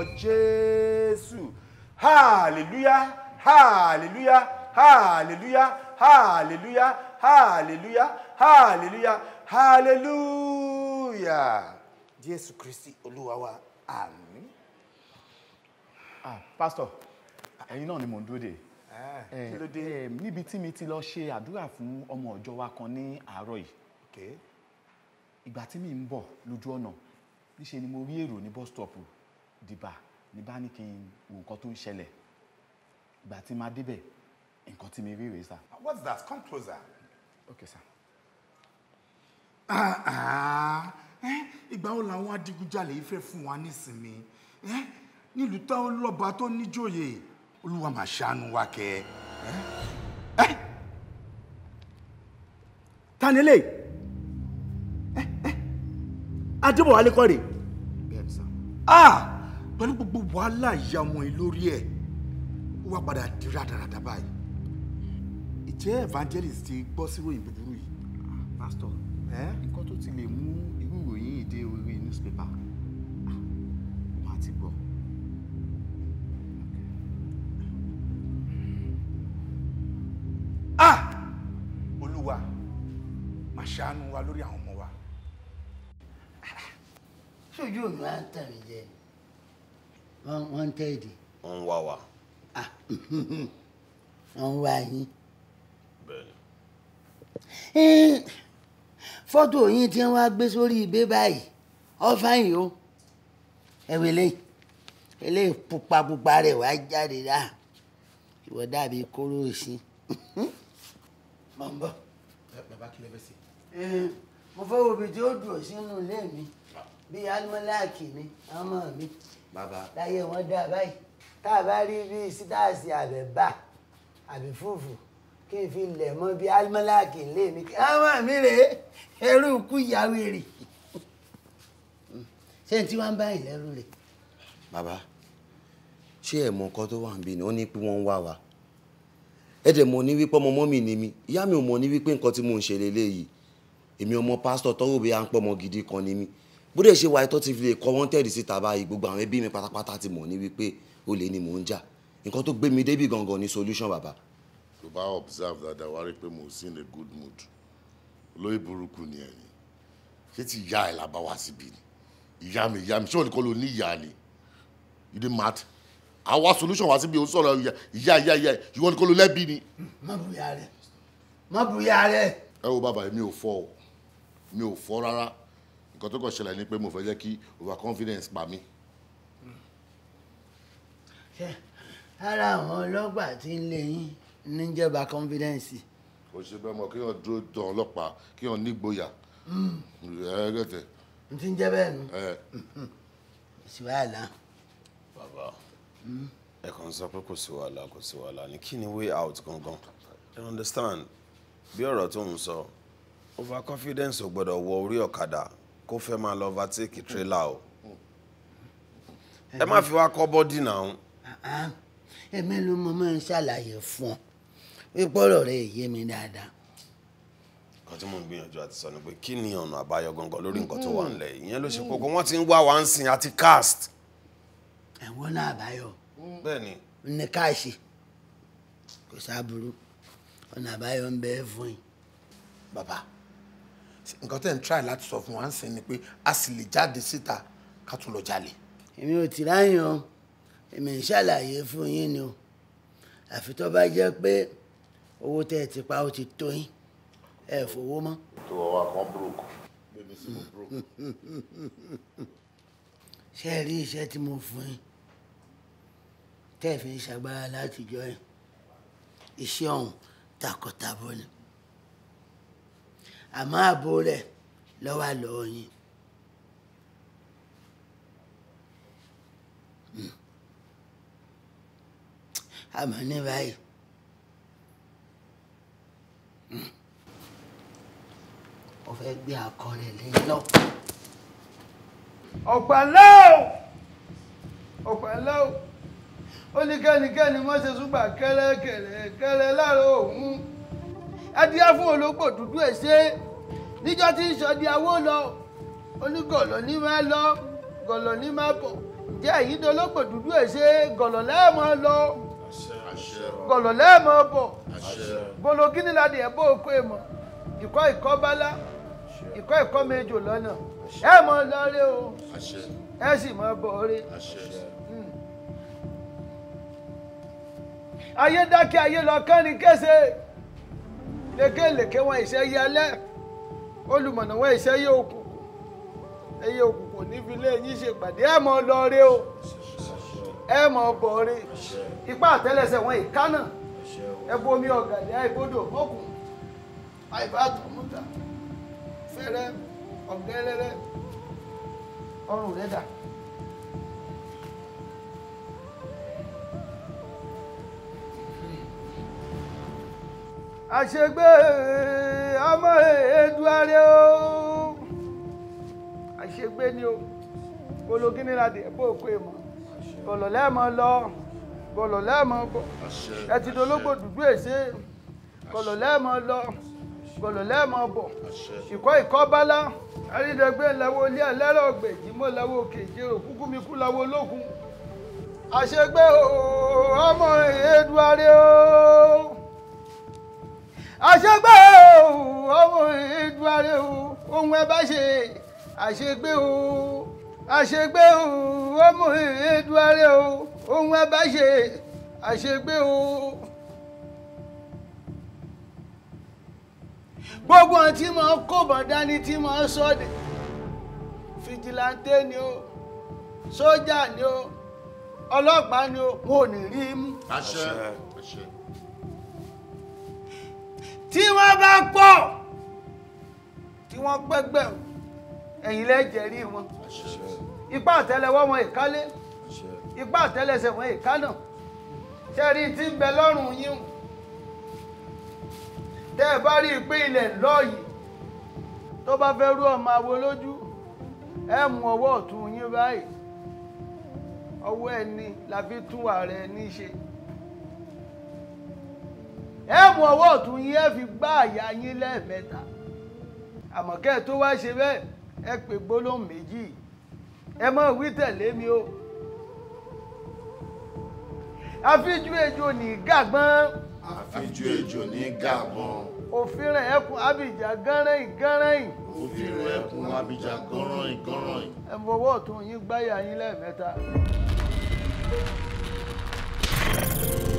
orúkọ jésù hallelujah hallelujah hallelujah hallelujah hallelujah hallelujah hallelujah jésù kristi olúwa wa ah pastor Ẹyin náà ni mò ń dúró de ah, eh, eh, níbi tí mi ti lọ ṣe àdúrà fún ọmọ ọjọ́ wa kan ní àárọ̀ yìí ìgbà tí mi ń bọ̀ lójú ọ̀nà níṣe ni mo rí èrò ní bus stop dìbà ní ní kí n wo nǹkan tó ń ṣẹlẹ̀ ìgbà tí máa débẹ̀ nǹkan tí mi rí rèé sà. what's that come closer. okay sir. Ah, ah, eh, ìgbà wo làwọn adigunjalè yìí fẹ́ fún wa nísìnyí eh, nílùú táwọn lọ́ba tó níjòyè olúwa máa ṣàánú wa kẹ́ ẹ. Eh, ta ni eléyìí adébọ̀wálé kọ́ rèé. bẹ́ẹ̀ sà. ah pẹ̀lú gbogbo wàhálà ìyá ọmọ yìí lórí ẹ̀ ó wá padà di rádaràda báyìí ìjẹ́ evangelist ti gbọ́ sí ròyìn búburú yìí. pastor nǹkan tó ti lè mú irú ìròyìn yìí dé orí newspaper máa ti gbọ́. ah olúwa máa ṣàánú wa lórí àwọn ọmọ wa. ṣojú òun á tàn mí jẹ ni wanted. wọ́n ń wá wa. Ah, *laughs* wọ́n ń wá yín. bẹ́ẹ̀ni. fọ́tò yín tí wọ́n á gbé sórí ibẹ̀ báyìí ọ́fáìn o ẹ̀wẹ̀ lẹ́yìn eléyìí pupa pupa rẹ̀ wá jáde dá ìwọ dàbí kóró sí. *laughs* mọ̀ ń bọ̀. bàbá kìlẹ̀ bẹ́ẹ̀ sí. mo fẹ́ wo ibi tí ó dùn sínú ilé mi bíi alimọ́láàkì mi ọmọ mi bàbá. láyé wọn dá báyìí tá a bá rí bí sítáàsì àbẹ̀bà àbí fùfù kí n fi lẹ̀ mọ́ bí alimọ́láàkì lé mi kí ọmọ mi rè é ẹrú kú ìyàwó èrè ṣé n tí wọ́n bá yìí lẹ́rú rè. bàbá ṣé ẹ mọ nǹkan tó wà ń bí ni ó ní pé wọ́n ń wá wa ẹ dẹ̀ mọ̀ ní wípé ọmọ mọ́mì ni mi ìyá mi ò mọ̀ ní wípé nǹkan tí mò ń ṣe lélẹ́yìí èmi ọmọ pásítọ̀ tọ́wọ́ bí à ń pọ̀ ọmọ gidi kan ni mi bó dẹ̀ ṣe wáyé tó ti fi lè kọ́ wanted síta báyìí gbogbo àwọn ẹbí mi pátápátá ti mọ̀ ní wípé olè ni mò ń jà nǹkan tó gbé mi débi gangan ni solution bàbá. tó bá observe dáadáa wá rí pé mo sí in a good mood olóyè burúkú ni ẹ̀yìn ṣé ti ìyá ẹ̀ làbá wá síbi ni ìyá mi ìyá mi ṣé òní kọ́ ló ní ìyá ni you dey mad àwa solution wá síbi ò ń sọ̀rọ̀ ìyá ìyá ìyá ìwọ òní kọ́ ló lẹ́bi ni. má bùyà rẹ má bùyà rẹ. ẹ wo bàbá mi ò fọ mi ò fọ rárá nǹkan tó kàn ṣẹlẹ̀ ni pé mo fẹ́ jẹ́ kí over confidence pa mí. ara àwọn ọlọ́pàá tí ń lé yín níjọba confidence. kò ṣe bẹ́ẹ̀ mọ kéèyàn dúró tán ọlọ́pàá kéèyàn nígboyà. Hmm. ẹ̀ẹ́dẹ̀tẹ̀. n ti ń jẹ́ bẹ́ẹ̀ nu. sí wàhálà. bàbá hmm. ẹ kàn sọ pé kò sí wàhálà kò sí wàhálà ni kí ni way out gangan you understand bí ọ̀rọ̀ tó ń sọ overconfidence ò gbọ́dọ̀ wọ orí ọ̀kadà kó fẹ́ máa lọ overtake hmm. trailer o hmm. ẹ má fi wá kọ́ bọ́dì náà. Ah, ah. ẹ̀mí ló mọ máa ń ṣàlàyé fún ọ pípọ́rọ̀ rẹ̀ yé mi dáadáa. nǹkan tí mò ń gbìyànjú àti sọ ni pé kí ni ọ̀nà àbáyọ gangan lórí nǹkan tó hmm. wà ńlẹ̀ ìyẹn ló ṣe kókó wọ́n ti ń wá wá ń sìn àti cast. ẹ̀wọ́n náà àbáyọ. bẹ́ẹ̀ni. ní káàṣì kò sáà burú ọ̀nà àbáyọ ń bẹ́ẹ̀ fún yín bàbá nǹkan tẹ̀ ń try láti sọ fún wa ń sìn ni pé a sì lè jáde síta ká tún lọ jalè. èmi ò tì ráyàn o èmi ń ṣàlàyé fún yín ni o àfi tó bá jẹ́ pé owó tẹ́ ti pa ó ti tó yín ẹ fowó mọ́. tó o wa kan broke *laughs* ṣé ẹ rí iṣẹ́ tí mo fún yín tẹ́ fi ń ṣàgbára látijọ́ yìí iṣẹ́ ọ̀hún takọ̀tabo ni àmọ́ ààbò rẹ̀ lọ́wọ́ àlọ́ yín. Hmm. àmọ́ ní báyìí ó hmm. fẹ́ gbé àkọọ́rẹ̀ lẹ́yìn lọ. ọ̀pẹ̀lẹ́ o ọ̀pẹ̀lẹ́ o ó ní kẹ́nikẹ́ni mọ́ ṣe súgbà kẹ́lẹ́kẹ́lẹ́ kẹ́lẹ́ láàárọ̀ òun ẹ díá fún ológbò dúdú èṣe níjọ́ tí ń sọdí awó lọ onígọ̀lọ̀ ní máa lọ gọ̀lọ̀ ní máa bọ̀ jẹ́ èyí ni ológbò dúdú èṣe gọ̀lọ̀ lẹ́ẹ̀mọ́ lọ gọ̀lọ̀ lẹ́ẹ̀mọ́ bọ̀ bolo kíni la dìé bó oko èèmọ̀ ìkọ́ ìkọ́ bálá ìkọ́ ìkọ́ méjò lọ́nà ẹ mọ lọ́rẹ́ o ẹ sì mọ bọ̀ọ́rẹ́ hmm. ayé dákẹ́ ayé lọ kán ni kése lékelèké wọn ìṣẹ́yẹ alẹ́ olùmọ̀nà wọn ìṣẹ́yẹ òkùnkùn ẹyẹ òkùnkùn níbi ilé yín ṣe pàdé ẹ mọ lọrẹ o ẹ e mọ bọrẹ ipá àtẹ́lẹsẹ̀ wọn ìkánà ẹ e bomi ọ̀gàdì àìgbódò mọ́kùn àìbátọ̀ mọ́ta fẹ́rẹ́ ọ̀gẹ́rẹ́rẹ́ ọrùn rẹ̀ dà. àṣegbè ọmọ Èdùàrè o àṣegbè ni o kòlógí ni ládé ẹ̀bọ́ òkú èèmọ̀ bọ̀lọ̀ lẹ́ẹ̀mọ lọ bọ̀lọ̀ lẹ́ẹ̀mọ bọ̀ ẹ ti dológbò dúdú èsè bọ̀lọ̀ lẹ́ẹ̀mọ lọ bọ̀lọ̀ lẹ́ẹ̀mọ bọ̀ ìkọ́ ìkọ́ bálá àrídẹ́gbẹ́ lẹ́wọ́ ilé ẹlẹ́rọ̀ gbèjì mọ́ lẹ́wọ́ kèje òkúkú mi kú lẹ́wọ́ olókun àṣegbè ọmọ Èdùàrè o àṣegbé o ọmọ ìdúrà o ohun ẹ bá ṣe àṣegbé o àṣegbé o ọmọ ìdúrà o ohun ẹ bá ṣe àṣegbé o. gbogbo ohun tí mo kó bọ̀ dání tí mo sọ de fìjìláńtẹ́ ni o sójà ni o ọlọ́pàá ni o wọn ò ní rí mú tí wọ́n bá pọ̀ tí wọ́n pẹ́gbẹ́ ẹ̀yìn lẹ́jẹ̀ rí wọn ipá àtẹ́lẹwọ́ wọn ìkálé ipá àtẹ́lẹsẹ̀ wọn ìkánà tẹ́rí tí ń bẹ lọ́rùn yín tẹ́ ẹ bá rí i pé ilẹ̀ lọ́ọ̀yì tó bá fẹ́ rú ọmọ àwo lójú ẹ mú ọwọ́ ọ̀tún yín báyìí ọwọ́ ẹni la fi tún ààrẹ ní í ṣe ẹ mú ọwọ́ ọ̀tún yín ẹ fi gbá àyà yín lẹ́ẹ̀mẹ́ta àmọ́ kẹ́ ẹ tó wá ṣe bẹ́ẹ̀ ẹ pè gbólóhùn méjì ẹ má wí tẹ̀lé mi o àfijú ejò ní gàgbọ́n. àfijú ejò ní gàgbọ́n. òfin rẹ̀ ẹkùn abìjà gánrẹ́yìn gánrẹ́yìn. òfin rẹ̀ ẹkùn abìjà gánrẹ́yìn gánrẹ́yìn. ẹ mú ọwọ́ ọ̀tún yín gbáyà yín lẹ́ẹ̀mẹ́ta. thank you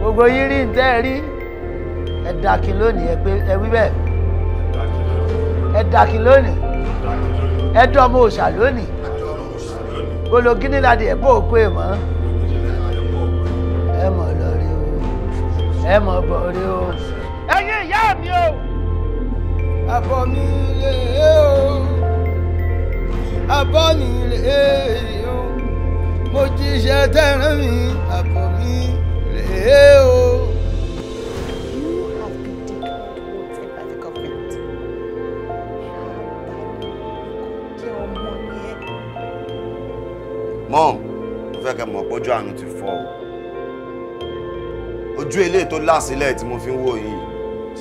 gbogbo yín rí ntẹ́ ẹ rí ẹ dàkín lónìí ẹ pé ẹ wí bẹ́ẹ̀ ẹ dàkín lónìí ẹ dọ́mọ òòṣà lónìí gbolo gíníládì ẹ bó òkú ẹ mọ́ ẹ mọ̀ lọ rí o ẹ mọ̀ bọ̀ rí o ìyá mi o. àbọ̀ mi lè o àbọ̀ mi lè o mo jíṣẹ́ tẹ́ràn mi àbọ̀ mi lè o. mom mo fẹ́ kẹ́ mọ̀ pójú àánú ti fọ́ o ojú eléyìí tó lásìlẹ̀ tí mo fi ń wò yìí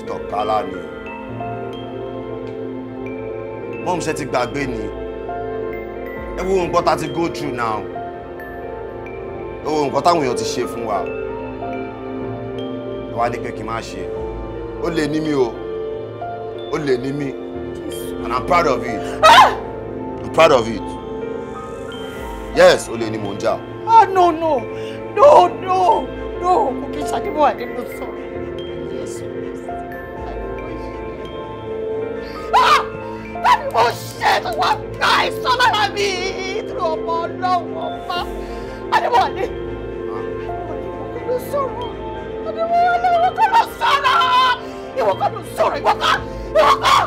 Mr. Kala ni o mọ́mù ṣe ti gbàgbé ni ẹ wo nǹkan tá a ti go through now ẹ wo nǹkan táwọn èèyàn ti ṣe fún wa ẹ wá ní pé kí n má ṣe ó lè ní mi o ó lè ní mi and I'm proud of it ah! I'm proud of it yes ó lè ní mò ń jà. ah no no no no no kò kí n ṣàdébọ̀ àdébọ̀ sọ̀rọ̀. ó ṣe tó wá ká àìsàn lára mi ìdúró ọmọ ọlọ́run ọba adéwọlé kí ló sọ̀rọ̀ adéwọlé ìwọ kọ́ ló sọ̀rọ̀ ìwọ kọ́ ló sọ̀rọ̀ ìwọ kọ́ ìwọ kọ́.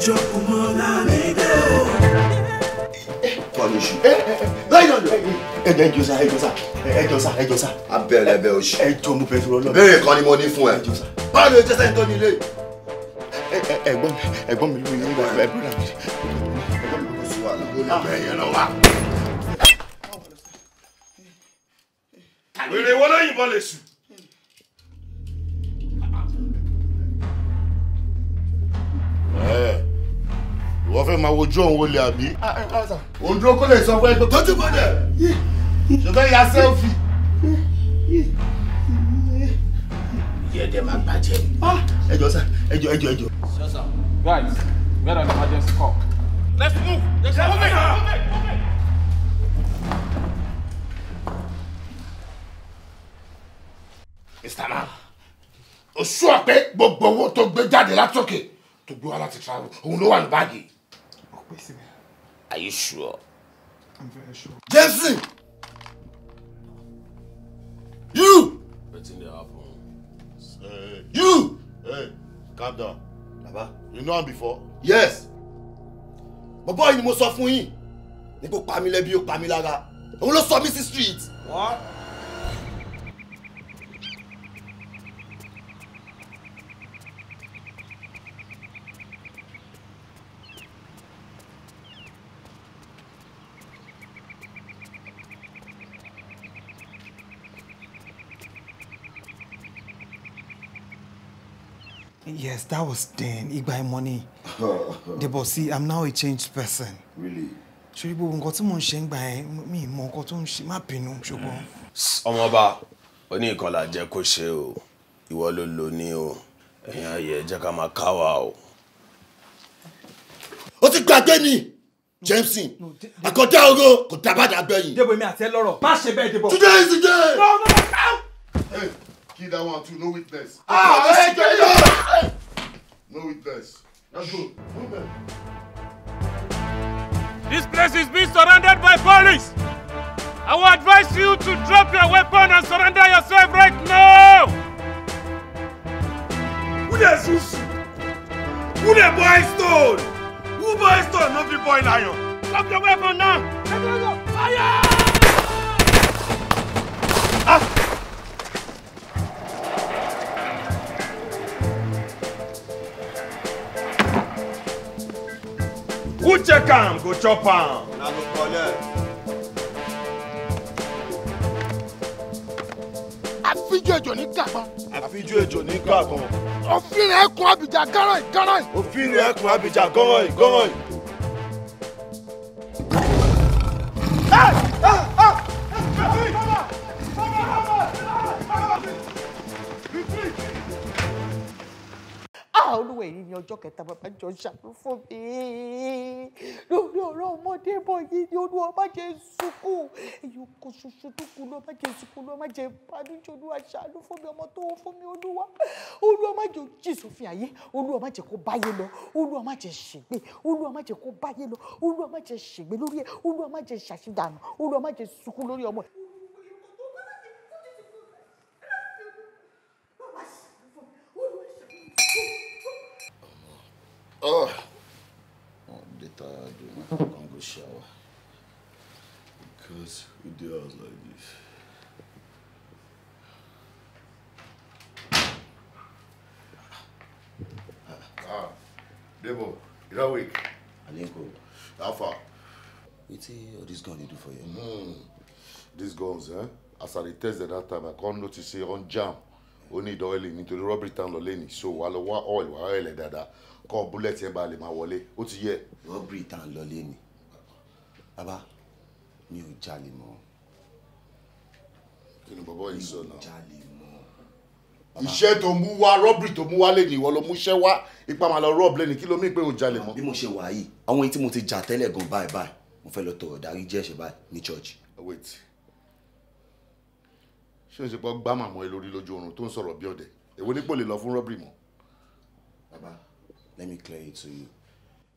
ẹjọ ẹjọ sa ẹjọ sa ẹjọ sa ẹjọ sa. abẹ́rẹ́ bẹ́ẹ̀ o ṣe. ẹjọ mo bẹ̀rù ọlọ́run. béèrè kan ni mo ní fún ẹ. ẹjọ eh, sa. báwo ni o jẹ́ sẹ́yìn tó ní ilé. Eh, eh, ẹ̀gbọ́n mi ẹ̀gbọ́n mi ló ní ìgbà ẹ̀gbọ́n mi. ẹ̀gbọ́n ah. mi kò sí wa lóko ní bẹ́ẹ̀ yẹn lọ wa. wèrè wọlé yìnbọn lè sùn. Eh, ìwọ fẹ́ máa wojú òun olè àbí. Ah, eh, ah, òun dúró kó lè sọ fún ẹgbẹ́ tójú bọ́dẹ̀ ṣùgbọ́n ya sẹ́ẹ̀fì. yẹ́dẹ̀ máa bàjẹ́. ẹjọ sá ẹjọ ẹjọ ẹjọ. guys get on emergency call. let's move. let's move. move it. move it. Mr. Man, o sọ pé gbogbo owó tó gbé jáde látòkè tó gbé wa láti travel òun ló wà ní are you sure. i'm very sure. Jesse, you. wetin dey happen. Hey. you. hey calm down. baba you know him before. yes. bàbá yìí ni mo sọ fún yín ní kó pa mí lẹ́bi ó pa mí lára òun ló sọ mí sí what. Yes, that was then. Buy money. *laughs* Debo, yeah, see, I'm now a changed person. Really? Should you nǹkan tí mò ń ṣe ń gbà yẹn mi mọ nǹkan tó ń ṣe má bínú ṣùgbọ́n. Ọmọọba ó ní ìkànlá jẹ́ kó ṣe o ìwọ ló lò ní o ẹ̀yin ayé ẹ jẹ́ ká máa káwa o. Ó ti gbàgbé mi Jameson àkọ́dá oró kò dábàdà Debo mi àti ẹ lọ́rọ̀ má ṣe bẹ́ẹ̀ Debo. Today is the day. No, no, no. Hey, kid, I want to, no witness. Ah, ah hey, jẹ́ yọ̀. No witness. Let's go. This place is being surrounded by police. I will advise you to drop your weapon and surrender yourself right now. Who dey susu? Who the boy stone? Who boy stone Not the boy lion. Drop your weapon now. Fire! Ah! check am go chop am. na go collect. àfijọ́ ejò ní gàgbọ́n. àfijọ́ ejò ní gàgbọ́n. òfin rẹ̀ kún àbíjà gánràn gánràn. òfin rẹ̀ kún àbíjà gánràn gánràn. olúwa èyí ni ọjọ́ kẹta bàbá jọ ṣàánú fún mi lórí ọ̀rọ̀ ọmọdé bọ̀ yìí ni olúwa má jẹ́ sunkún èyí kò ṣoṣo tó kù lọ má jẹ́ sunkún lọ má jẹ́ ìbànújẹ́ olúwa ṣàánú fún mi ọmọ tó fún mi olúwa olúwa má jẹ́ ojì sófin ayé olúwa má jẹ́ kó báyé lọ olúwa má jẹ́ ṣègbé olúwa má jẹ́ kó báyé lọ olúwa má jẹ́ ṣègbé lórí ẹ olúwa má jẹ́ ṣàṣìdànù olúwa má jẹ́ sunkún lórí ọmọ I'm gonna go shower. Because we do hours like this. Ah, ah Debo, you're awake. I didn't go. How far? Wetin all these gun dey do for you? Mm. These guns, eh? As I dey test them that time, I come notice say on jam. Ó oil into the rọ́bìrì tán lọ lẹ́nìí. So while lọ oil, ọ́ìlì oil? That dáadáa kọ́ búlẹ̀tì ẹ̀ bá lè máa wọlé ó ti yẹ. rọ́bìrì tá à ń lọlé ni bàbá mi ò jalè mọ́. kí ni bàbá yìí sọ náà. mi ò jalè mọ́. iṣẹ́ tó mú wá rọ́bìrì tó mú wá lè ní ìwọ ló mú iṣẹ́ wá ipa máa lọ rọ́ọ̀bù lẹ́nu kí ló mí pé òun jalè mọ́. bí mo ṣe wà yìí àwọn èyí tí mo ti jà tẹ́lẹ̀ gan báyìí báyìí mo fẹ́ lọ tọrọ dárí jẹ́ ẹ̀ṣẹ̀ báyìí ní chọ́ọ̀chì. wait ṣé o ṣe pọ́ gbá màmú ẹ lórí lójú oorun tó ń sọ̀rọ̀ bí ọ̀dẹ̀ èwo nípò lè lọ fún rọ́bìrì mọ́. bàbá let me clear it to you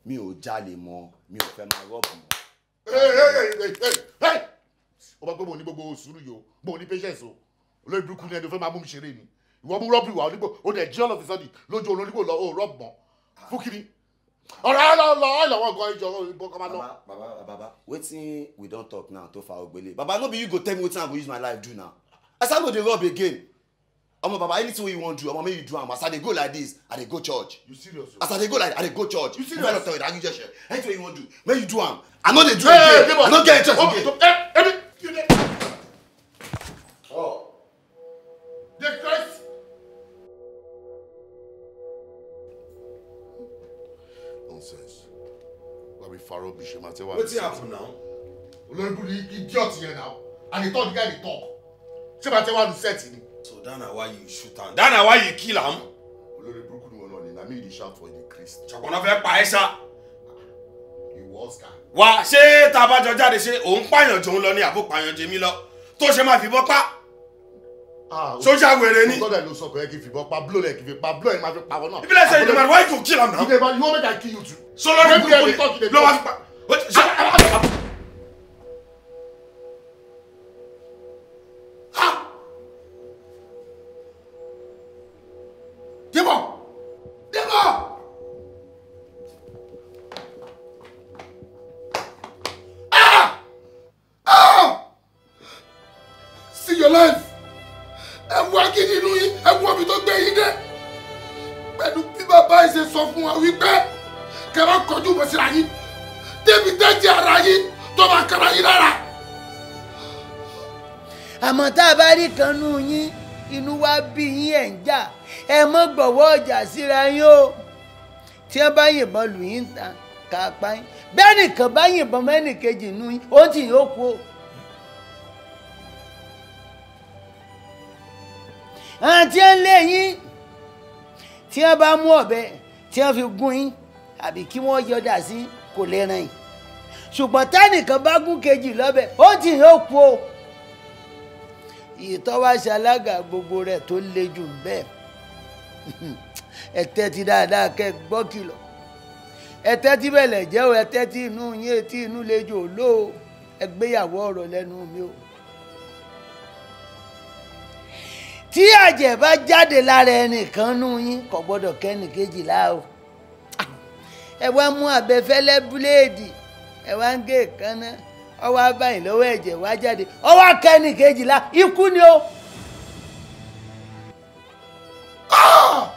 mi ò jalè mọ́ mi ò fẹ́ máa rọ́ọ̀bù mọ́. ó bá gbé mo ní gbogbo sùúrù yìí o mo ní patience o olórí burúkú ni ẹni fẹ́ máa mú mi ṣeré ni ìwọ mú rọ́ọ̀bù wa onígbò ó dẹ̀ jí all of a sudden lójú oorun onígbò lọ ó rọ́ọ̀bù mọ́ fún kiri ọ̀rọ̀ ẹ lọ lọ ẹ lọ́wọ́ gan ìjọ ìbọn kan máa lọ. baba baba wetin we don talk now tó fa ogbele baba no be you go tell me wetin i go use my life do now as i go dey rub again omo baba anything wey you wan do omo make you do am as i dey go like this i dey go church you serious as i dey go like i dey go church you serious doctor idanju jese anything wey you wan do make you do am i no dey do again i no get interest again. Eh, eh, eh, oh. The Christ. Nonsense. Let me Wetin happen now? Oloribu the idiot here now. And he thought the guy dey talk. Sheba tell what you set him. So that why you shoot him, That why you kill him. Olórí burúkú ni one náà ni na me shout for the Christ. Ṣọ̀gbọ́n fẹ́ pa ẹ́ sá. Ìwọ Oscar. Wà ṣé tá a bá jọ jáde ṣe òun pààyàn jòun lọ ni àbò pààyàn jèmi lọ tó ṣe máa fìbọn pa. Ah, Sójà wèrè ni. Sọ́dọ̀ ìlú sọ̀kọ̀ yẹ kí fìbọn pa blow lẹ̀ kí fi pa blow ẹ̀ máa fi pa wọn náà. Ibi lẹ́sẹ̀ ìdè why you kill am now? you wan make I kill you too. Sọlọ́dún burúkú ló wá fi pa. a bá rí kan nú yín inú wa bí yín ẹ̀ ń jà ẹ mọ́ gbọ̀wọ́ ọjà síra yín o tí wọ́n bá yìnbọn lù yín ta kà á pa yín bẹ́ẹ̀ nìkan bá yìnbọn mẹ́nìkejì nú yín ó tì yín kú o. àwọn tí wọ́n lé yín tí wọ́n bá mú ọ̀bẹ tí wọ́n fi gún yín àbí kí wọ́n yọdà sí kò lè ràn ṣùgbọ́n tẹ́nìkan bá gún kejì lọ́bẹ ó tì yín kú o ìtọ́wá ṣalága gbogbo rẹ̀ tó le jù bẹ́ẹ̀ ẹ̀tẹ́ ti dáadáa kẹ́ gbọ́ kìlọ̀ ẹ̀tẹ́ ti bẹ̀lẹ̀ jẹ́ o ẹ̀tẹ́ ti inú yín etí inú le jù ó lò ó ẹgbéyàwó ọ̀rọ̀ lẹ́nu mi o. tí àjẹ́ bá jáde lára ẹnìkan nú yín kò gbọ́dọ̀ kẹ́ni kejìlá o ẹ wá mú abẹfẹ́lẹ́ búléèdì ẹ wá ń gé èkánná ọwọ́ abáyìn lọ́wọ́ ẹ̀jẹ̀ wá jáde ọwọ́ akẹ́ni kejìlá ikú ni ó. Oh! Ah!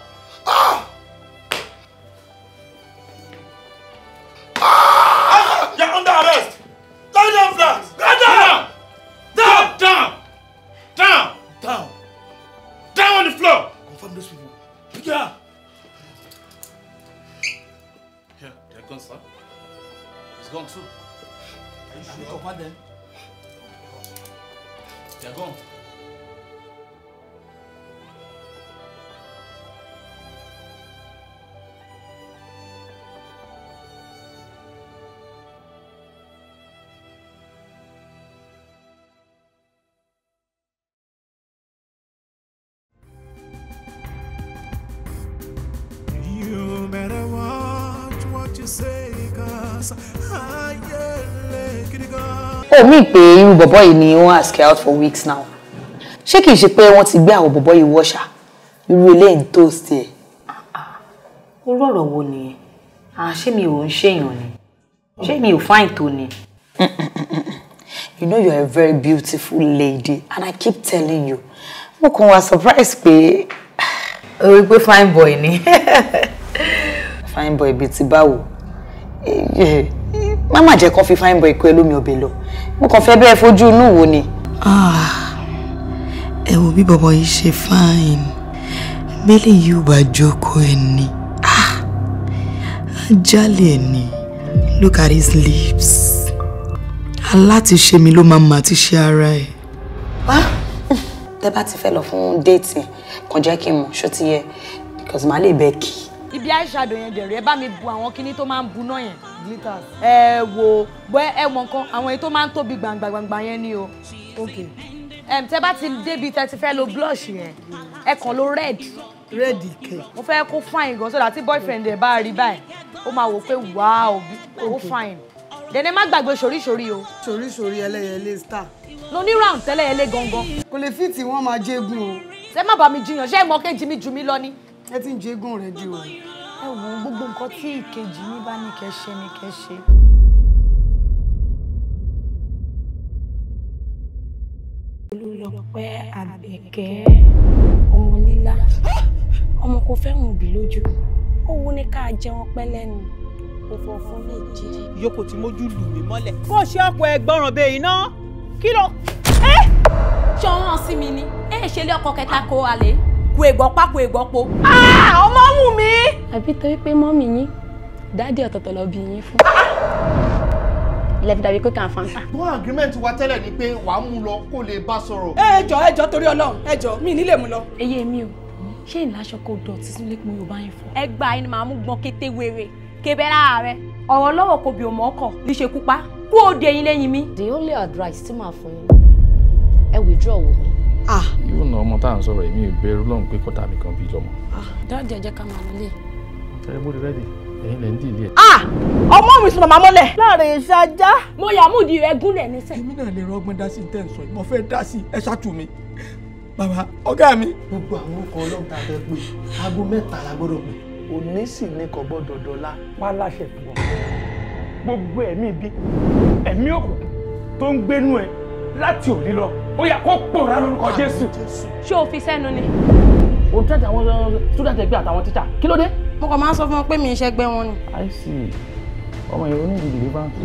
ó mí pé irú bọ̀bọ̀ yìí ni wọ́n ask out for weeks now ṣé kìí ṣe pé wọ́n ti gbé àwọn bọ̀bọ̀ yìí wọ́ṣà irú ilé ń toast ẹ̀. irú ọ̀rọ̀ wo nìyẹn ṣé mi ò ń ṣèyàn ni ṣé mi ò fáìn tó ni. you know you are a very beautiful lady and I keep telling you mo kàn wá surprise pé. o *sighs* rí pé fine boy ni. *laughs* fine boy bíi ti báwo eh, eh, má má jẹ́ fine boy kó ẹ lómi ọbẹ̀ lọ mo kàn fẹ́ bẹ́ẹ̀ fojú inú wo ni. Ah, ẹ wo bí bọ̀bọ̀ yìí ṣe fáìn bẹ́lẹ̀ yìí ò bá jókòó ẹni ajálẹ̀ ah, ẹni look at his lips alátiṣe mi ló máa ma ti ṣe ara ẹ̀. wá tẹ́ bá ti fẹ́ lọ fún déètì kàn jẹ́ kí n mọ̀ ṣó ti yẹ because màá lè bẹ́ẹ̀ kí. ibi eyeshadow yẹn dẹ̀rẹ̀ ẹ bá mi bu àwọn kinní tó máa ń bu náà yẹn glitters. ẹ wo bọ ẹ mọ nǹkan àwọn èyí tó máa ń tóbi gbàǹgbà yẹn ni o. ok um, tẹ bá ti débi tẹ ti fẹ́ lo blush yẹn ẹ kàn lo red. red kẹ. mo fẹ́ kó fine gan so that boyfriend ẹ bá rí báyìí ó máa wò pé wow ó fine dẹ̀nẹ́ má gbàgbé ṣoríṣorí o. ṣoríṣorí ẹlẹ́yẹlé star. lo ní round tẹ́lẹ̀yẹlé gangan. kò lè fìtì wọn máa jẹ́gun o. ṣé má bàa mi jiyàn ṣé ìmọ̀ kejì mi jù mí lọ ni. ẹ ti ń jẹ́gun rẹ di o ẹ wo gbogbo nǹkan tí ìkejì ní bá ní kẹ́ ṣe ní kẹ́ ṣe. Olúlọpẹ́ Àbẹ̀kẹ́ ọmọ nílá ọmọ kò fẹ́ràn òbí lójú owó ní ká jẹun pẹ́ lẹ́nu kò fọ fún méje. Yòókù tí mójú lù mí mọ́lẹ̀. Kó ṣe ọkọ̀ ẹ̀gbọ́ràn bẹ́ẹ̀ iná kí ló. Ṣé ọ̀ràn sí mi ni? Ẹ ṣe lé ọkọ̀ kẹta kó alẹ́ kú ègbọ́ pákó ègbọ́ po. Ah, ọmọ mú mi. àbí torí pé mọ́mì yín dáàdì ọ̀tọ̀ọ̀tọ̀ lọ bí yín fún. ilẹ̀ fi dàbí pé kàn fanta. Ah, wọ́n agreement wa tẹ́lẹ̀ ni pé wàá mú lọ kó lè bá sọ̀rọ̀. ẹ ẹ jọ ẹ jọ torí Ọlọ́run ẹ jọ mi nílé mu lọ. eye mi o ṣé ìlàṣọ kò dọ̀tí sílé pé yorùbá yẹn fọ. ẹ gbà ẹni màá mú gbọ́n kété wéré kébé lára rẹ ọ̀rọ̀ lọ́wọ́ kò bí òmò ọkọ̀ níṣe kúpa kú òde yín lẹ́yìn mi. the only advice tí màá fún yín ẹ withdraw wò mí Ah. even ọmọ tá à ń sọ̀rọ̀ èmi ò bẹ̀rù lọ́hùn pé kọ́tà mi kan bí lọ́mọ. Ah. dáàdì ẹ̀jẹ̀ ká máa lọlé. ẹ bó di rẹ́dì ẹ̀yin lẹ́ ń dì ilé ẹ̀. ọmọ mi sùn màmá mọ́lẹ̀. láàrin iṣẹ́ ajá. mo yà mú di rẹ gúnlẹ̀ níṣẹ́. èmi náà lè rọgbọ́n dá sí tẹ́ ń yìí mo fẹ́ dá sí ẹ ṣáàtú mi bàbá ọ̀gá mi. gbogbo àwọn orúkọ ọlọ́run tá a fẹ́ pè aago mẹ́ta la gbọ́dọ̀ pè òní sì ní kò gbọ́dọ̀ dọ́là wá láṣẹ fún ọ gbogbo ẹ̀mí ibi ẹ̀mí òkùnkùn tó ń gbénú ẹ láti òní lọ ó yá kó pòórá lórúkọ jésù. ṣé o fi sẹ́nu ni. o tẹ́ àwọn eh, student ẹgbẹ́ àtàwọn tíṣà kí ló dé. mo kàn máa ń sọ fún wọn pé mi ìṣẹ́gbẹ́ wọn ni. i see ọmọ yìí ó ní ìdílé báńkì.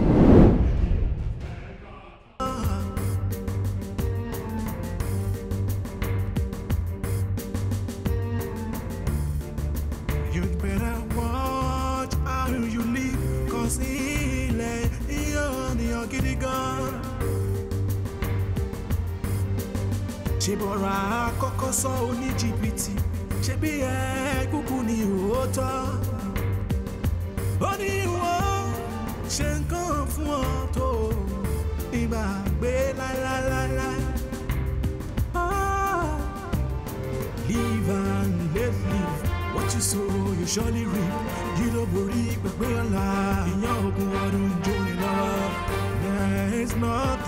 surely reap. You don't believe ọ̀la. Ìyá òkun ọdún There is nothing.